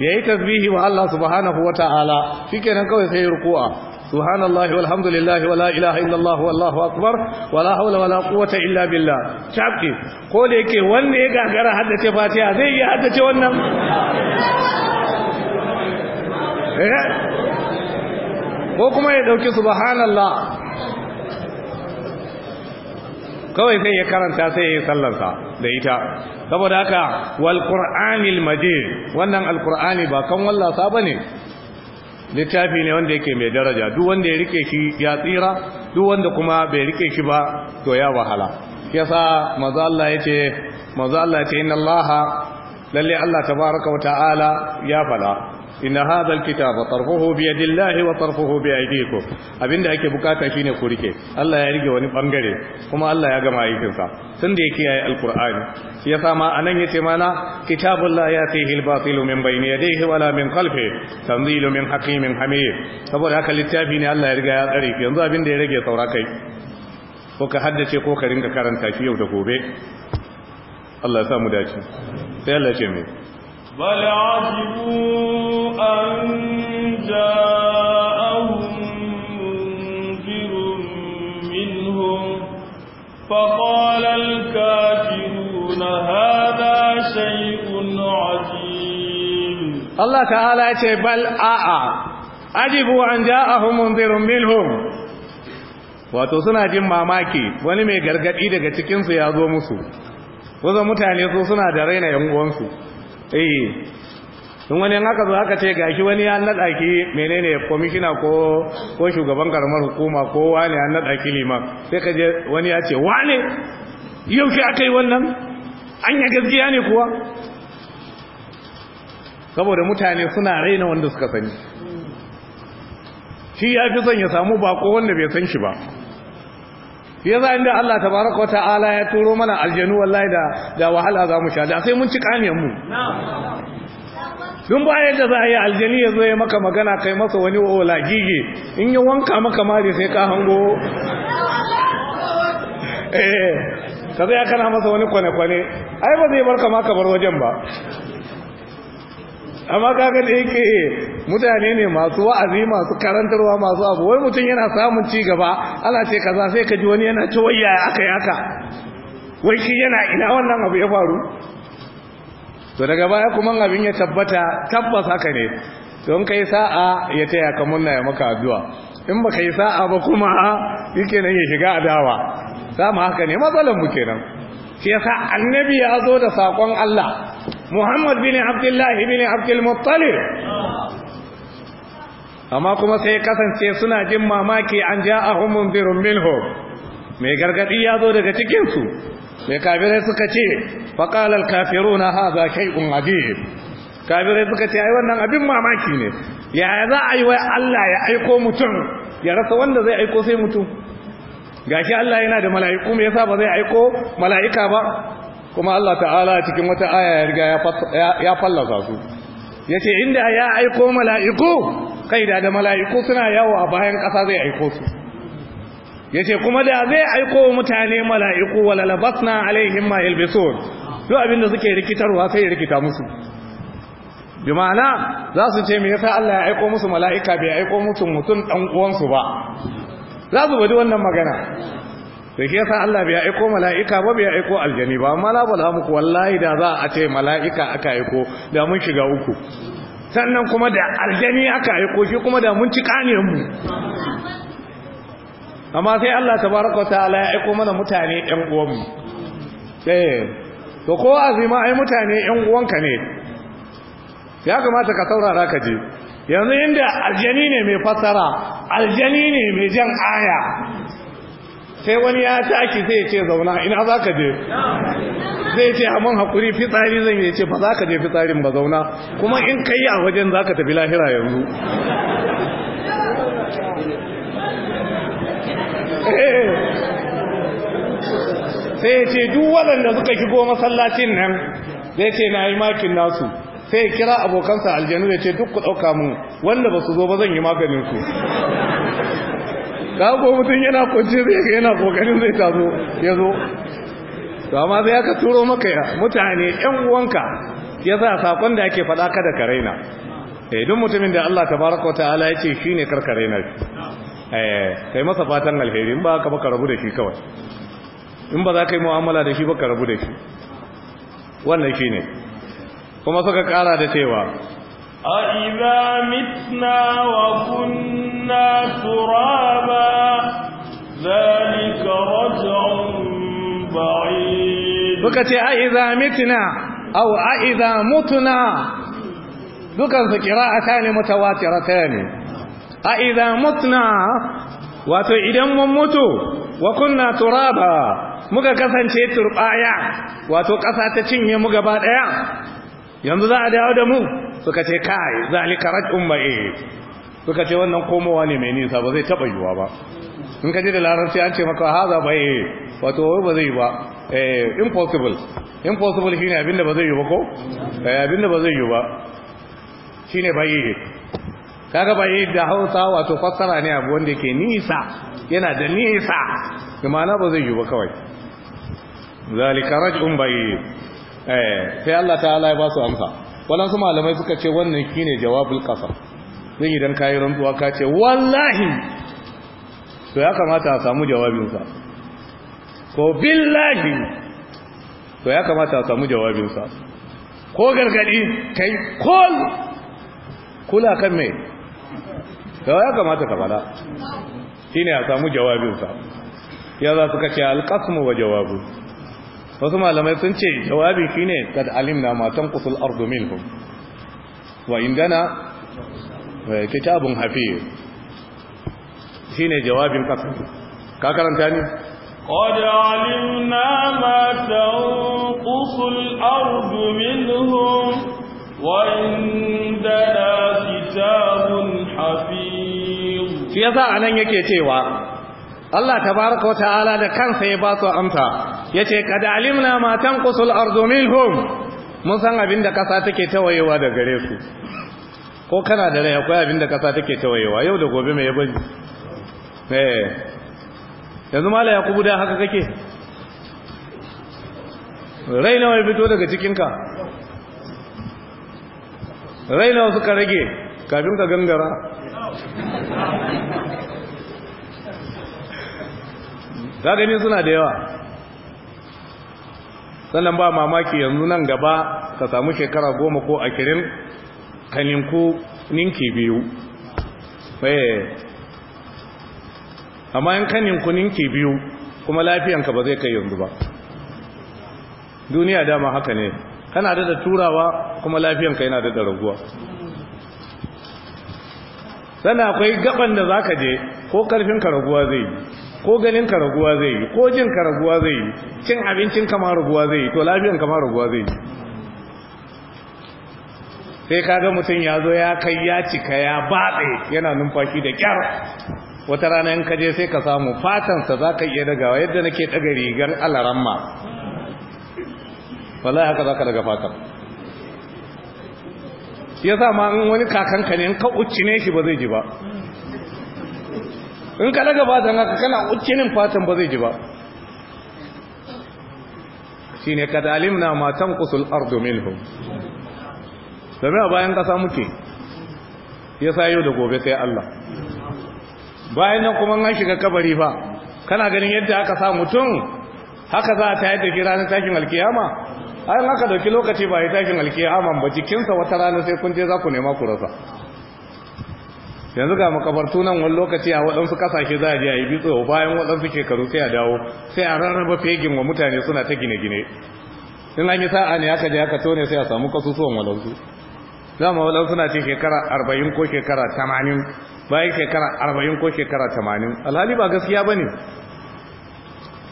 ya yi tasbihi wa Allah subhanahu wa ta'ala Fike nan kawai sai ya rukuwa subhanallahi walhamdulillahi wala ilaha illallah wallahu akbar wala hawla wala quwwata illa billah chapki ko da yake wanne ya gagara haddace ce fatiha zai yi haddace wannan Eh? ko kuma ya dauki subhanallah kawai sai ya karanta sai ya yi sallarsa da ita saboda haka wal qur'anil majid wannan qur'ani ba kan wallasa bane littafi ne wanda yake mai daraja duk wanda ya rike shi ya tsira duk wanda kuma bai rike shi ba to ya wahala yasa maza Allah yace maza Allah yace inna Allah lalle Allah tabaaraka wa ta'ala ya fada إن هذا الكتاب طرفه بيد الله وطرفه بأيديكم أبين ده أكي بكاتا شيني كوريكي الله يريكي ونبانجري كما الله يقام أيكسا سنديكي آية القرآن يسامى أن يتمانا كتاب الله يأتيه الباطل من بين يديه ولا من خلفه تنزيل من حكيم حميد saboda haka littafi ne Allah ya riga ya tsare ki yanzu abin da ya rage saura kai ko ka haddace ko ka ringa karanta shi yau da gobe Allah ya sa mu dace sai Allah ya ce mai Allah عجبوا أن جاءهم منذر منهم فقال الكافرون هذا شيء عجيب الله تعالى يقول بل آآ ajibu an ja'ahum munzirun minhum wato suna jin mamaki wani mai gargadi daga cikin su ya zo musu wazo mutane su suna da raina yan uwansu eh in wani yan aka zo aka ce gashi wani ya nada ki menene komishina ko ko shugaban karamar hukuma ko wani ya nada ki liman sai ka wani ya ce wani yau shi aka yi wannan an yi gaskiya ne kuwa saboda mutane suna raina wanda suka sani shi ya fi son ya samu bako wanda bai san shi ba ya za inda Allah ta wata ala ya turo mana aljanu wallahi da da wahala za mu sha da sai mun ci kaniyan mu dun bayan da za a yi aljani ya zo ya maka magana kai masa wani ola gige in ya wanka maka mari sai ka hango eh, ka zai kana masa wani kwane-kwane ai ba zai barka maka bar wajen ba amma kaga da yake eh, mutane ne masu wa'azi masu karantarwa masu abu wai mutum yana samun ci gaba ana ce kaza sai ka ji wani yana ci, wai yaya aka yi haka wai shi yana ina wannan abu ya faru to daga baya kuma abin ya tabbata tabbas haka ne don kai sa'a ya taya ka munna ya maka addu'a in ba kai sa'a ba kuma yake nan ya shiga adawa sama haka ne matsalar mu kenan shi yasa annabi ya zo da sakon Allah muhammad bin abdullahi bin abdulmuttalib amma kuma sai kasance suna jin mamaki an ja'ahum munzirun minhum mai gargadi ya zo daga cikin su mai kafirai suka ce faqala kafiruna hadha shay'un adib kafirai suka ce ai wannan abin mamaki ne yaya za a yi wai Allah ya aiko mutum ya rasa wanda zai aiko sai mutum gashi Allah yana da mala'iku me yasa ba zai aiko mala'ika ba kuma Allah ta'ala cikin wata aya ya riga ya fallasa su ya ce inda ya aiko mala'iku kaida da mala'iku suna yawo a bayan ƙasa zai aiko su ya ce kuma da zai aiko mutane mala'iku wala labasna alaihim ma yalbisun duk abinda suke rikitarwa sai rikita musu bi ma'ana za su ce me yasa Allah ya aiko musu mala'ika bai aiko musu mutum dan uwansu ba za su bari wannan magana to shi yasa Allah bai aiko mala'ika ba bai aiko aljani ba amma la bala muku wallahi da za a ce mala'ika aka aiko da mun shiga uku sannan kuma da aljani aka aiko shi kuma da mun ci kanin mu amma sai Allah tabaraka ta'ala ya aiko mana mutane ɗan uwan mu eh to ko azima ai mutane ɗan uwanka ne ya kamata ka saurara ka je yanzu inda aljani ne mai fassara aljani ne mai jan aya sai wani ya taki sai ce zauna ina za ka je zai ce amon haƙuri fitsari zan yi ce ba za ka je fitsarin ba zauna kuma in kai a wajen za ka tafi lahira yanzu eh. sai ya ce duk waɗanda suka shigo masallacin nan zai ce na yi makin nasu sai kira abokansa aljanu da ce duk ku ɗauka mun wanda ba su zo ba zan yi maganin ku ka ko mutum yana kwanci zai ga yana kokarin zai tazo ya zo to amma sai aka turo maka mutane yan uwanka ya sa sakon da ake faɗa kada ka raina eh duk mutumin da Allah tabaraka wa ta'ala ya ce shi ne karka raina shi eh, kai masa fatan alheri in ba ka baka rabu da shi kawai in ba za ka yi mu'amala da shi baka rabu da shi wannan shi ne. kuma suka kara da cewa أَإِذَا مِتْنَا وَكُنَّا تُرَابًا ذَلِكَ رَجْعٌ بَعِيدٌ بكتي أَإِذَا مِتْنَا أو أَإِذَا مُتْنَا dukansu kira ƙira'ata ne mutawatirata ne a idan mutuna wato idan mun mutu wa kunna turaba muka kasance turbaya wato ƙasa ta cinye mu gaba ɗaya yanzu za a dawo da mu suka ce kai zalika raj'un ba'id suka ce wannan komowa ne mai nisa ba zai taba yiwa ba in ka ji da larabci an ce maka haza ba'id wato ba zai ba eh impossible impossible shine abinda ba zai yi ba ko eh abinda ba zai yi ba shine ba'id kaga ba'id da Hausa wato fassara ne abu wanda ke nisa yana da nisa kuma na ba zai yi ba kawai zalika raj'un ba'id eh sai Allah ta'ala ya ba su amsa waɗansu malamai suka ce wannan ne jawabul qasam zai idan kayi rantsuwa ka ce wallahi to ya kamata a samu jawabinsa ko billahi to ya kamata a samu jawabinsa ko gargadi kai kol kula kan mai to ya kamata ka fada ne a samu jawabinsa ya za su kace alƙasmu wa jawabu wasu malamai sun ce jawabin shine kad alimna matan kusur ardu minhum wa indana eh, kitabun shi ne jawabin kasa ka karanta ne matan kusur ما تنقص الأرض منهم kitabun كتاب Ya في a nan yake cewa. Allah tabaraka wa ta'ala da kansa ya ba su amsa yace kad alimna ma tanqusul ardu minhum mun san abin da kasa take tawayewa da gare su ko kana da rai akwai abin da kasa take tawayewa yau da gobe mai bari eh yanzu mala yakubu da haka kake rai nawa ya fito daga cikinka rai nawa suka rage kafin ka gangara ga suna da yawa sannan ba mamaki yanzu nan gaba ka samu shekara goma ko a ka ninku ninki biyu eh. amma in ka ninki biyu kuma lafiyanka ba zai kai yanzu ba duniya dama haka ne kana da turawa kuma lafiyanka yana da raguwa sannan akwai gaban da za ka je ko karfinka raguwa zai yi ko ganin ka raguwa zai yi ko jin ka raguwa zai yi cin abincin ka ma raguwa zai yi to lafiyan ka ma raguwa zai yi sai kaga mutum ya zo ya kai ya cika ya baɗe yana numfashi da kyar wata rana in kaje sai ka samu fatansa za ka iya dagawa yadda nake ɗaga rigar alaramma wallahi haka za ka daga fatan ya sa ma wani kakanka ne in ka uccine shi ba zai ji ba in ka daga fatan haka kana uccinin fatan ba zai ji ba shi ne kada na matan kusul ardu minhum domin a bayan ƙasa muke ya sa yau da gobe sai Allah bayan nan kuma an shiga kabari ba kana ganin yadda aka sa mutum haka za a tayar da shi ranar tashin alkiyama ayan haka dauki lokaci ba ya tashin alkiyaman ba jikinsa wata rana sai kun je za ku nema ku rasa yanzu ga makabartu nan wani lokaci a waɗansu ƙasashe za a je a yi bitso bayan waɗansu shekaru sai a dawo sai a rarraba fegin wa mutane suna ta gine-gine in an yi sa'a ne aka je aka tone sai a samu kasusuwan waɗansu mu waɗansu na ce shekara arba'in ko shekara tamanin bayan shekara arba'in ko shekara tamanin alhali ba gaskiya ba ne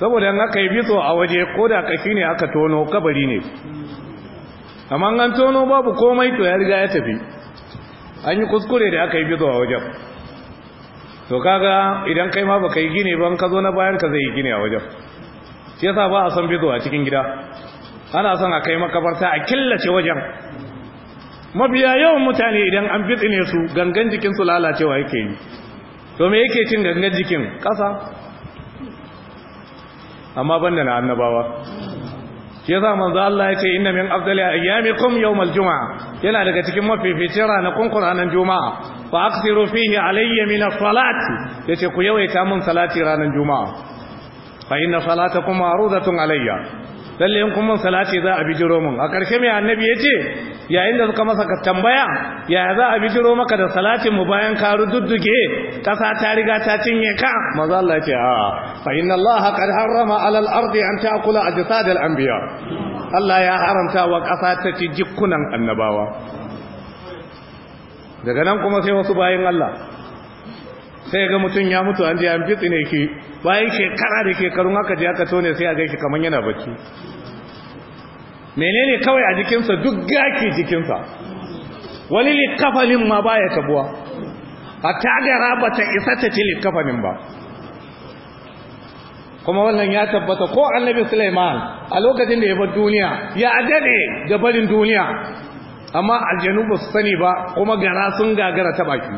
saboda in aka yi bitso a waje ko da ƙashi ne aka tono kabari ne amma an tono babu komai to ya riga ya tafi an yi kuskure da aka yi bizo a wajen to kaga idan kai ma baka yi gini ba ka zo na bayan ka zai yi gine a wajen shi yasa ba a son bizo a cikin gida ana son a kai makabarta a killace wajen Mabiya yawan mutane idan an bitsine su gangan jikin su lalacewa yake yi to me yake cin gangan jikin kasa amma banda na annabawa shi yasa manzo Allah ya ce inna min afdali ayyamikum yawmal juma'a yana daga cikin mafificin ranakun ranar Juma'a fa aksiru fihi alayya min as ya ce ku yawaita mun salati ranar Juma'a fa inna salatakum ma'rudatun alayya lalle kun mun salati za a bijiro mun a karshe mai annabi ya ce yayin da suka masa tambaya ya za a bijiro maka da salatin mu bayan ka rududduge kasa ta riga ta cinye ka manzo Allah yace a fa inna Allah harrama 'ala al-ardi an ta'kula ajsad an anbiya Allah ya haramta wa ƙasa ta ci jikunan annabawa daga nan kuma sai wasu bayan Allah sai ga mutum ya mutu an jiya an ne bayan shekara da shekarun aka ji aka tone sai a gaishe kamar yana bacci menene kawai a jikinsa duk gaki jikinsa wani likafalin ma baya tabuwa a tagara ba ta isa ta ci likafalin ba kuma wannan ya tabbata ko annabi Sulaiman a lokacin da ya bar duniya ya adade da barin duniya amma aljanu ba su sani ba kuma gara sun gagara ta baki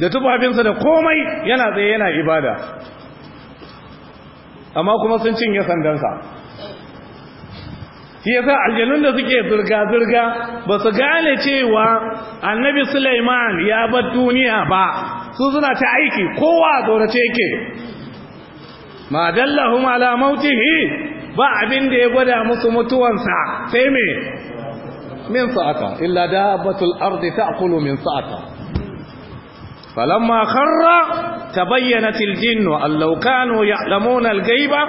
da tufafinsa da komai yana tsaye yana ibada amma kuma sun cinye sandansa shi sa aljanun da suke zirga-zirga ba su gane cewa annabi Sulaiman ya bar duniya ba su suna ta aiki kowa a tsorace yake ma dallahum ala mautihi ba abin da ya gwada musu mutuwansa sai me min sa'ata illa dabbatul ardi ta'kulu min sa'ata falamma kharra tabayyanat aljinnu an kanu ya'lamuna alghayba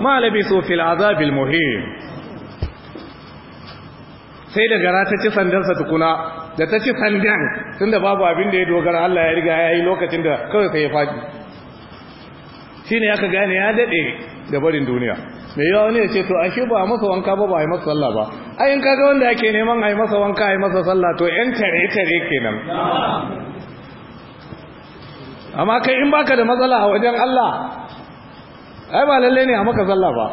ma labisu fil azabil muhim sai da gara ta ci sandansa tukuna da ta ci sandan tunda babu abin da ya dogara Allah ya riga ya yi lokacin da kawai sai ya faɗi ne aka gane ya daɗe da barin duniya me yawa ne ce to ashe ba a masa wanka ba ba yi masa sallah ba ai in kaga wanda ake neman yi masa wanka yi masa sallah to yan tare tare kenan amma kai in baka da matsala a wajen Allah ai ba lalle ne a maka sallah ba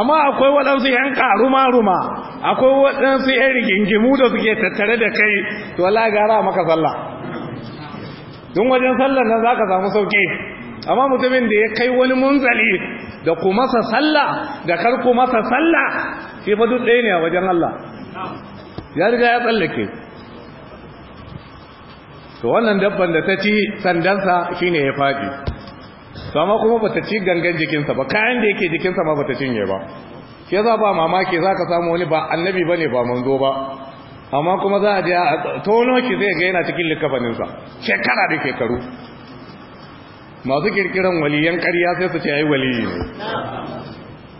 amma akwai waɗansu yan karuma-ruma akwai waɗansu yan rigingimu da suke tattare da kai to Allah gara maka sallah tun wajen sallar nan zaka samu sauki amma mutumin da ya kai wani munzali da ku masa sallah da kar ku masa sallah shi fa duk ɗaya ne a wajen Allah ya riga ya tsallake to wannan dabban da ta ci sandansa shine ya fadi. to amma kuma bata ci gangan jikinsa ba kayan da yake jikinsa ma bata cinye ba ke za ba mamaki zaka samu wani ba annabi ne ba manzo ba amma kuma za a je a tono ki zai ga yana cikin likafaninsa shekara da shekaru masu kirkiran waliyan ƙarya sai su ce ai waliyi ne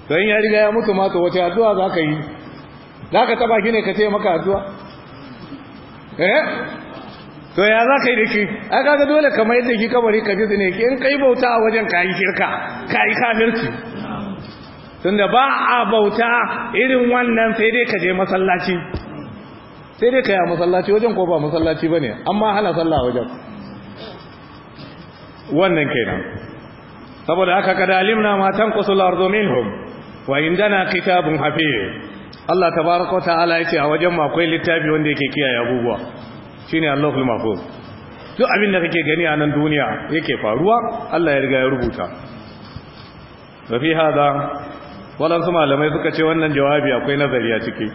don ya riga ya mutu mata wace addu'a za ka yi za ka taba ne ka ce maka addu'a eh to ya za ka yi da ki a kaga dole ka mai da ki kabari ka jizu ne in kai bauta a wajen ka yi shirka ka yi kafirci tunda ba a bauta irin wannan sai dai ka je masallaci sai dai ka yi masallaci wajen ko ba masallaci ba ne amma hana sallah wajen wannan kenan saboda haka kada alimna ma tanqusu al-ardu minhum wa indana kitabun hafiye? Allah tabaaraka ta'ala yace a wajen ma akwai littafi wanda yake kiyaye abubuwa shine Allahul mahfuz duk abin da kake gani a nan duniya yake faruwa Allah ya riga ya rubuta wa fi hada kuma malamai suka ce wannan jawabi akwai nazari a ciki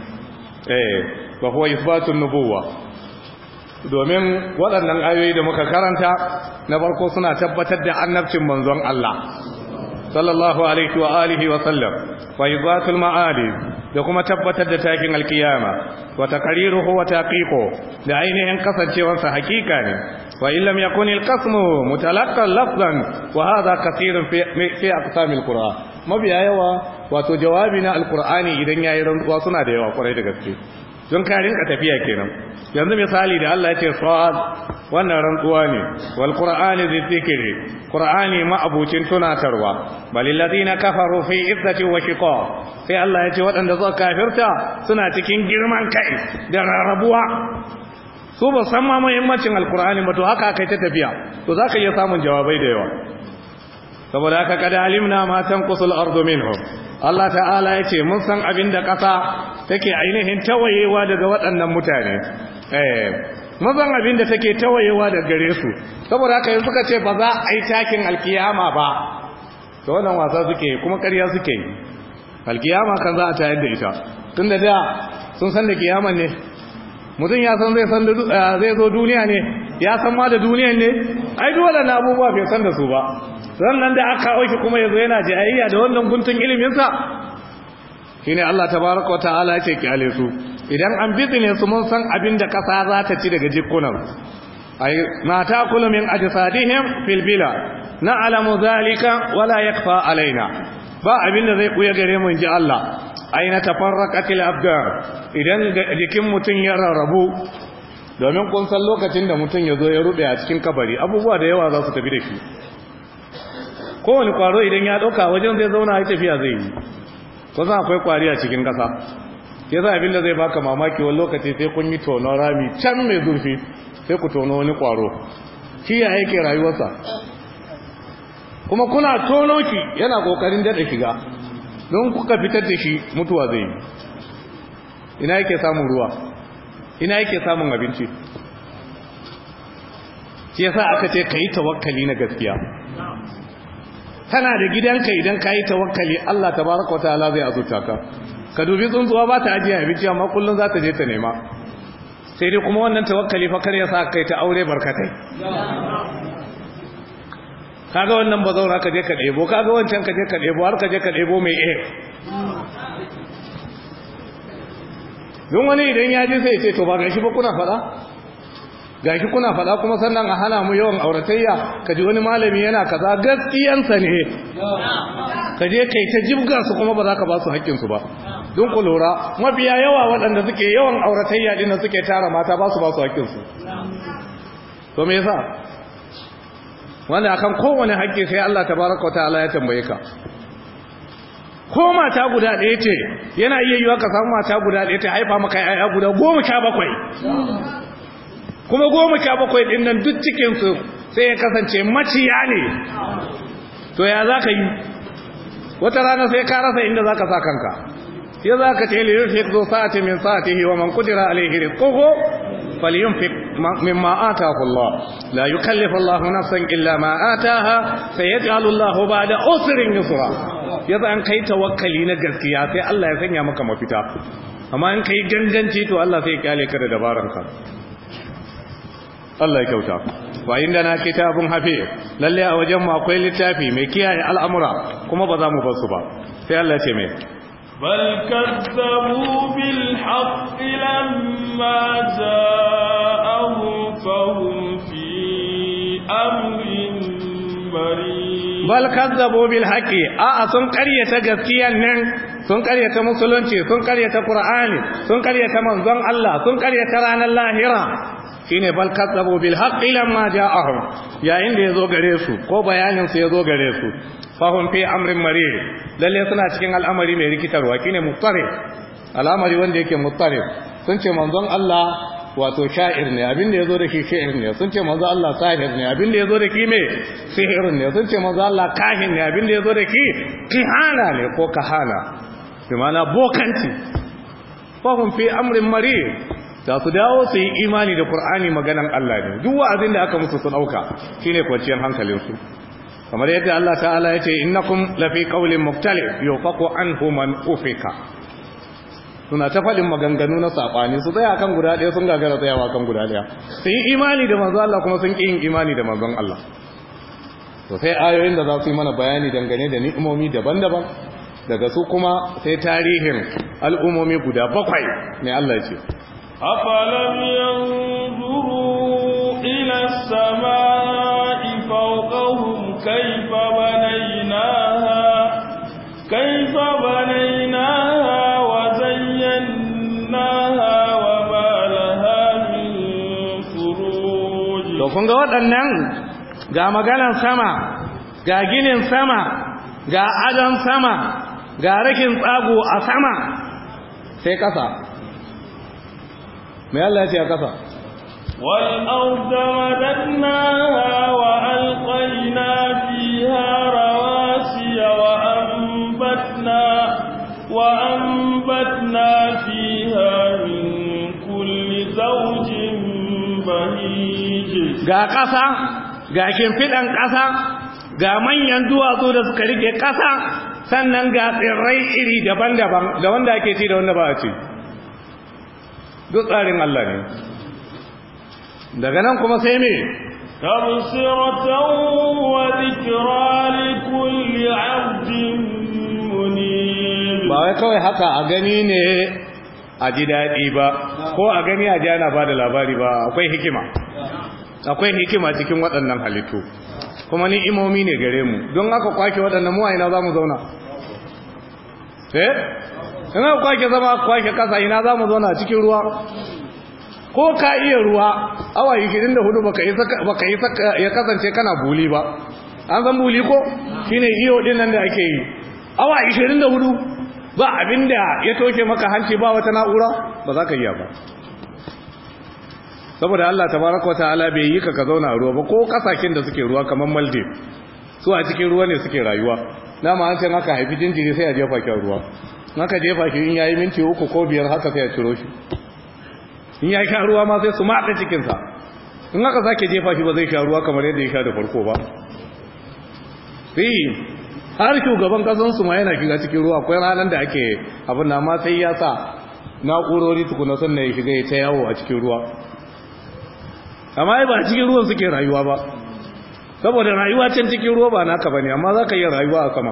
eh wa huwa isbatun nubuwah domin waɗannan ayoyi da muka karanta na farko suna tabbatar da annabcin manzon Allah sallallahu alaihi wa alihi wa sallam wa ma'ali da kuma tabbatar da takin alkiyama wa taqriruhu wa taqiqo da ainihin kasancewarsa hakika ne wa illam yakun alqasmu mutalaqqan lafzan wa hadha kathirun fi aqsam alquran mabiya yawa wato jawabi na alqur'ani idan yayi rantsuwa suna da yawa kwarai da gaske don ka rinka tafiya kenan yanzu misali da Allah ya ce sawad wannan rantsuwa ne wal qur'ani zikri qur'ani ma abucin tunatarwa balil ladina kafaru fi izzati wa shiqaq sai Allah ya ce waɗanda suka kafirta suna cikin girman kai da rarrabuwa su ba san ma muhimmancin alqur'ani ba to haka kai ta tafiya to zaka iya samun jawabai da yawa saboda haka kada alimna ma tanqusul ardu minhum Allah ta'ala yace mun san abin da kasa take ainihin tawayewa daga waɗannan mutane eh mun san abin da take tawayewa daga gare su saboda haka yanzu suka ce ba za a yi takin alkiyama ba to wannan wasa suke kuma ƙarya suke alkiyama kan za a tayar da ita tunda da sun san da kiyama ne mutum ya san eh, zai zo duniya ne ya san ma da duniyan ne ai duk wannan abubuwa bai san da su ba sannan da aka auki kuma yazo yana jayayya da wannan guntun iliminsa shine Allah tabaraka taala yake kyale su idan an bizne su mun san abin da kasa za ta ci daga jikunan ai ma taakulu min ajsadihim fil bila na'lamu zalika wala yakfa alaina ba abin da zai kuya gare mu in ji Allah aina tafarraqatil abdar idan jikin mutum ya rarrabu domin kun san lokacin da mutum ya zo ya rube a cikin kabari abubuwa da yawa za su tafi da shi kowane kwaro idan ya ɗauka wajen zai zauna ya tafiya zai yi kusan akwai kwari a cikin ƙasa Ke za abin da zai baka mamaki wani lokaci sai kun yi tono rami can mai zurfi sai ku tono wani kwaro shi ya yake rayuwarsa kuma kuna tono ki yana ƙoƙarin daɗa shiga don kuka fitar da shi mutuwa zai yi ina yake samun ruwa ina yake samun abinci ce sa aka ce ka yi tawakkali na gaskiya Tana da gidanka idan ka yi tawakkali Allah ta wata ala zai azurta ka ka dubi tsuntsuwa ba ta ajiye abinci amma kullum za ta je ta nema sai dai kuma wannan tawakkali fa kar ya sa kai ta aure barkatai kaga wannan ba zauna ka je ka ɗebo kaga wancan ka je ka ɗebo har ka je ka ɗebo mai eh don wani idan ya je sai ce to ba gashi ba kuna faɗa gashi kuna faɗa kuma sannan a hana mu yawan auratayya ka wani malami yana kaza gaskiyansa ne ka je kai ta jibga su kuma ba za ka ba su haƙƙinsu ba don ku lura mafiya yawa waɗanda suke yawan auratayya ɗin suke tara mata ba su ba su haƙƙinsu to me yasa wanda akan kowane haƙƙi sai Allah tabaraka wata ta'ala ya tambaye ka ko mata guda ɗaya ce yana iya yiwa ka samu mata guda ɗaya ta haifa maka yaya guda goma sha bakwai kuma goma sha bakwai ɗin nan duk cikinsu sai ya kasance maciya ne to ya za ka yi wata rana sai ka rasa inda za ka sa kanka ya za ka ce lirin fi zo sa'ati min sa'atihi wa man kudira alaihi rizquhu فلينفق مما آتاه الله لا يكلف الله نفسا إلا ما آتاها سيجعل الله بعد أسر يسرا yasa an kai tawakkali na gaskiya sai Allah ya sanya maka mafita amma in kai ganganci to Allah sai ya kyale ka da dabaranka Allah ya kyauta wa inda na kitabun hafi lalle a wajen akwai littafi mai kiyaye al'amura kuma ba za mu bar su ba sai Allah ya ce بل كذبوا بالحق لما جاءهم فهم في أمر مريض بل كذبوا بالحق آه سن قرية قسكيا نعم sun karyata musulunci sun karyata qur'ani sun karyata manzon Allah sun karyata ranar lahira shine bal kazzabu bil haqqi lamma ja'ahum yayin da yazo gare su ko bayanin su yazo gare su fahun fi amrin mari lalle suna cikin al'amari mai rikitarwa kine mutarif al'amari wanda yake mutarif sun ce manzon Allah wato sha'ir ne abin da yazo da shi sha'ir ne sun ce manzon Allah sahir ne abin da yazo da ki me sihir ne sun ce manzon Allah kahin ne abin da yazo da ki kihana ne ko kahana bi mana bokanci fahun fi amrin mari da su dawo su yi imani da Qur'ani maganan Allah ne duk wa'azin da aka musu sun dauka shine kwanciyar hankalinsu kamar yadda Allah ta'ala ya ce innakum lafi qawlin muftalif yufaqu anhu man ufika suna ta faɗin maganganu na saɓani su tsaya kan guda ɗaya sun gagara tsayawa kan guda ɗaya sun yi imani da manzon Allah kuma sun ƙi yin imani da manzon Allah to sai ayoyin da za su yi mana bayani dangane da ni'imomi daban-daban daga su kuma sai tarihin al'umomi guda bakwai mai Allah ce afalam yanzuru ila samaa kun ga waɗannan ga maganan sama ga ginin sama ga adon sama ga rikin tsago a sama sai ƙasa mai Allah ce a ƙasa والأرض alƙwai na ga ƙasa ga shimfiɗan ƙasa ga manyan duwatsu da suka rike ƙasa sannan ga tsirrai iri daban-daban da wanda ake ci da wanda ba a ci duk tsarin Allah ne daga nan kuma sai me tabsiratan wa dhikra li kulli 'abdin munib ba wai kawai haka a gani ne a ji daɗi ba ko a gani a jana ba da labari ba akwai hikima akwai hikima cikin waɗannan halittu kuma ni imomi ne gare mu don aka kwake waɗannan mu ina za mu zauna eh in aka kwake zama kwake ƙasa ina za mu zauna cikin ruwa ko ka iya ruwa awa da baka ba baka yi ya kasance kana buli ba an zan buli ko Shi ne iyo din nan da ake yi awa 24 ba abin da ya toke maka hanci ba wata na'ura ba za ka iya ba saboda Allah tabaraka wa ta'ala bai yi ka zauna a ruwa ba ko kasakin da suke ruwa kamar Malde. su a cikin ruwa ne suke rayuwa Na an san haka haifi jinjiri sai a jefa ki ruwa haka jefa ki in yayi minti uku ko biyar haka sai a ciro shi in ya sha ruwa ma sai su matsa cikin sa in haka sake jefa shi ba zai sha ruwa kamar yadda ya sha da farko ba fi har shugaban kasansu ma yana shiga cikin ruwa akwai ranar da ake abin na ma sai ya sa na'urori tukuna na ya shiga ya ta yawo a cikin ruwa amma ba a cikin ruwan suke rayuwa ba saboda rayuwa can cikin ruwa ba naka bane amma za ka yi rayuwa a sama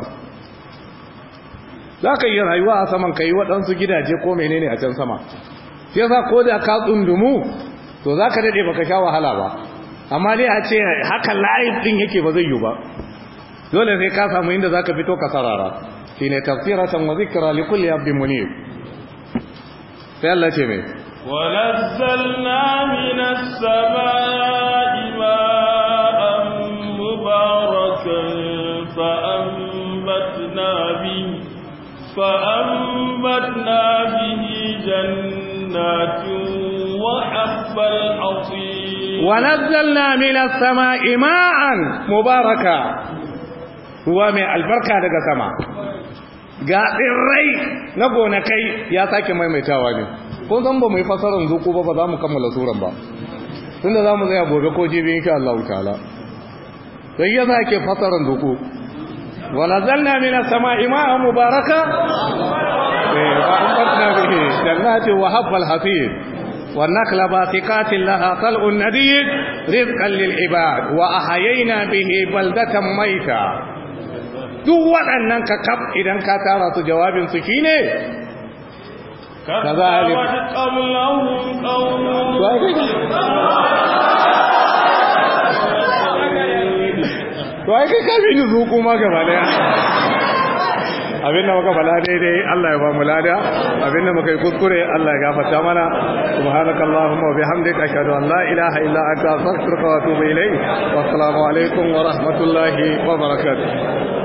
za ka yi rayuwa a saman ka yi waɗansu gidaje ko menene a can sama sai sa ko da ka tsundumu to za ka daɗe baka sha wahala ba amma dai a ce haka layin ɗin yake ba zai yi ba dole sai ka samu inda za ka fito ka sarara shi ne tafsiratan wa zikira likulli abdin munib sai Allah ce mai ونزلنا من السماء ماء مباركا فأنبتنا به فأنبتنا به جنات وحب الحصير ونزلنا من السماء ماء مباركا ومع البركة لك سما ga tsirrai na gonakai ya sake maimaitawa ne ko zan ba mu yi fasarar zuku ba ba za mu kammala suran ba da za mu tsaya gobe ko jibi insha Allah ta'ala sai ya zake fasarar zuku wala zanna min as-sama'i ma'an mubaraka eh, wa anbatna bihi jannatin wa habbal hafiz والنخل باسقات لها طلع نضيد رزقا للعباد وأحيينا به baldatan ميتة duk waɗannan ka kaf idan ka tara su jawabinsu shine كذلك قبلهم قوم to ai kai kafin abinda muka fada daidai Allah ya ba mu lada abinda muka yi kuskure Allah ya gafarta mana subhanakallahumma wa bihamdika ashhadu an la ilaha illa anta astaghfiruka wa atubu ilayk wa assalamu alaikum wa rahmatullahi wa barakatuh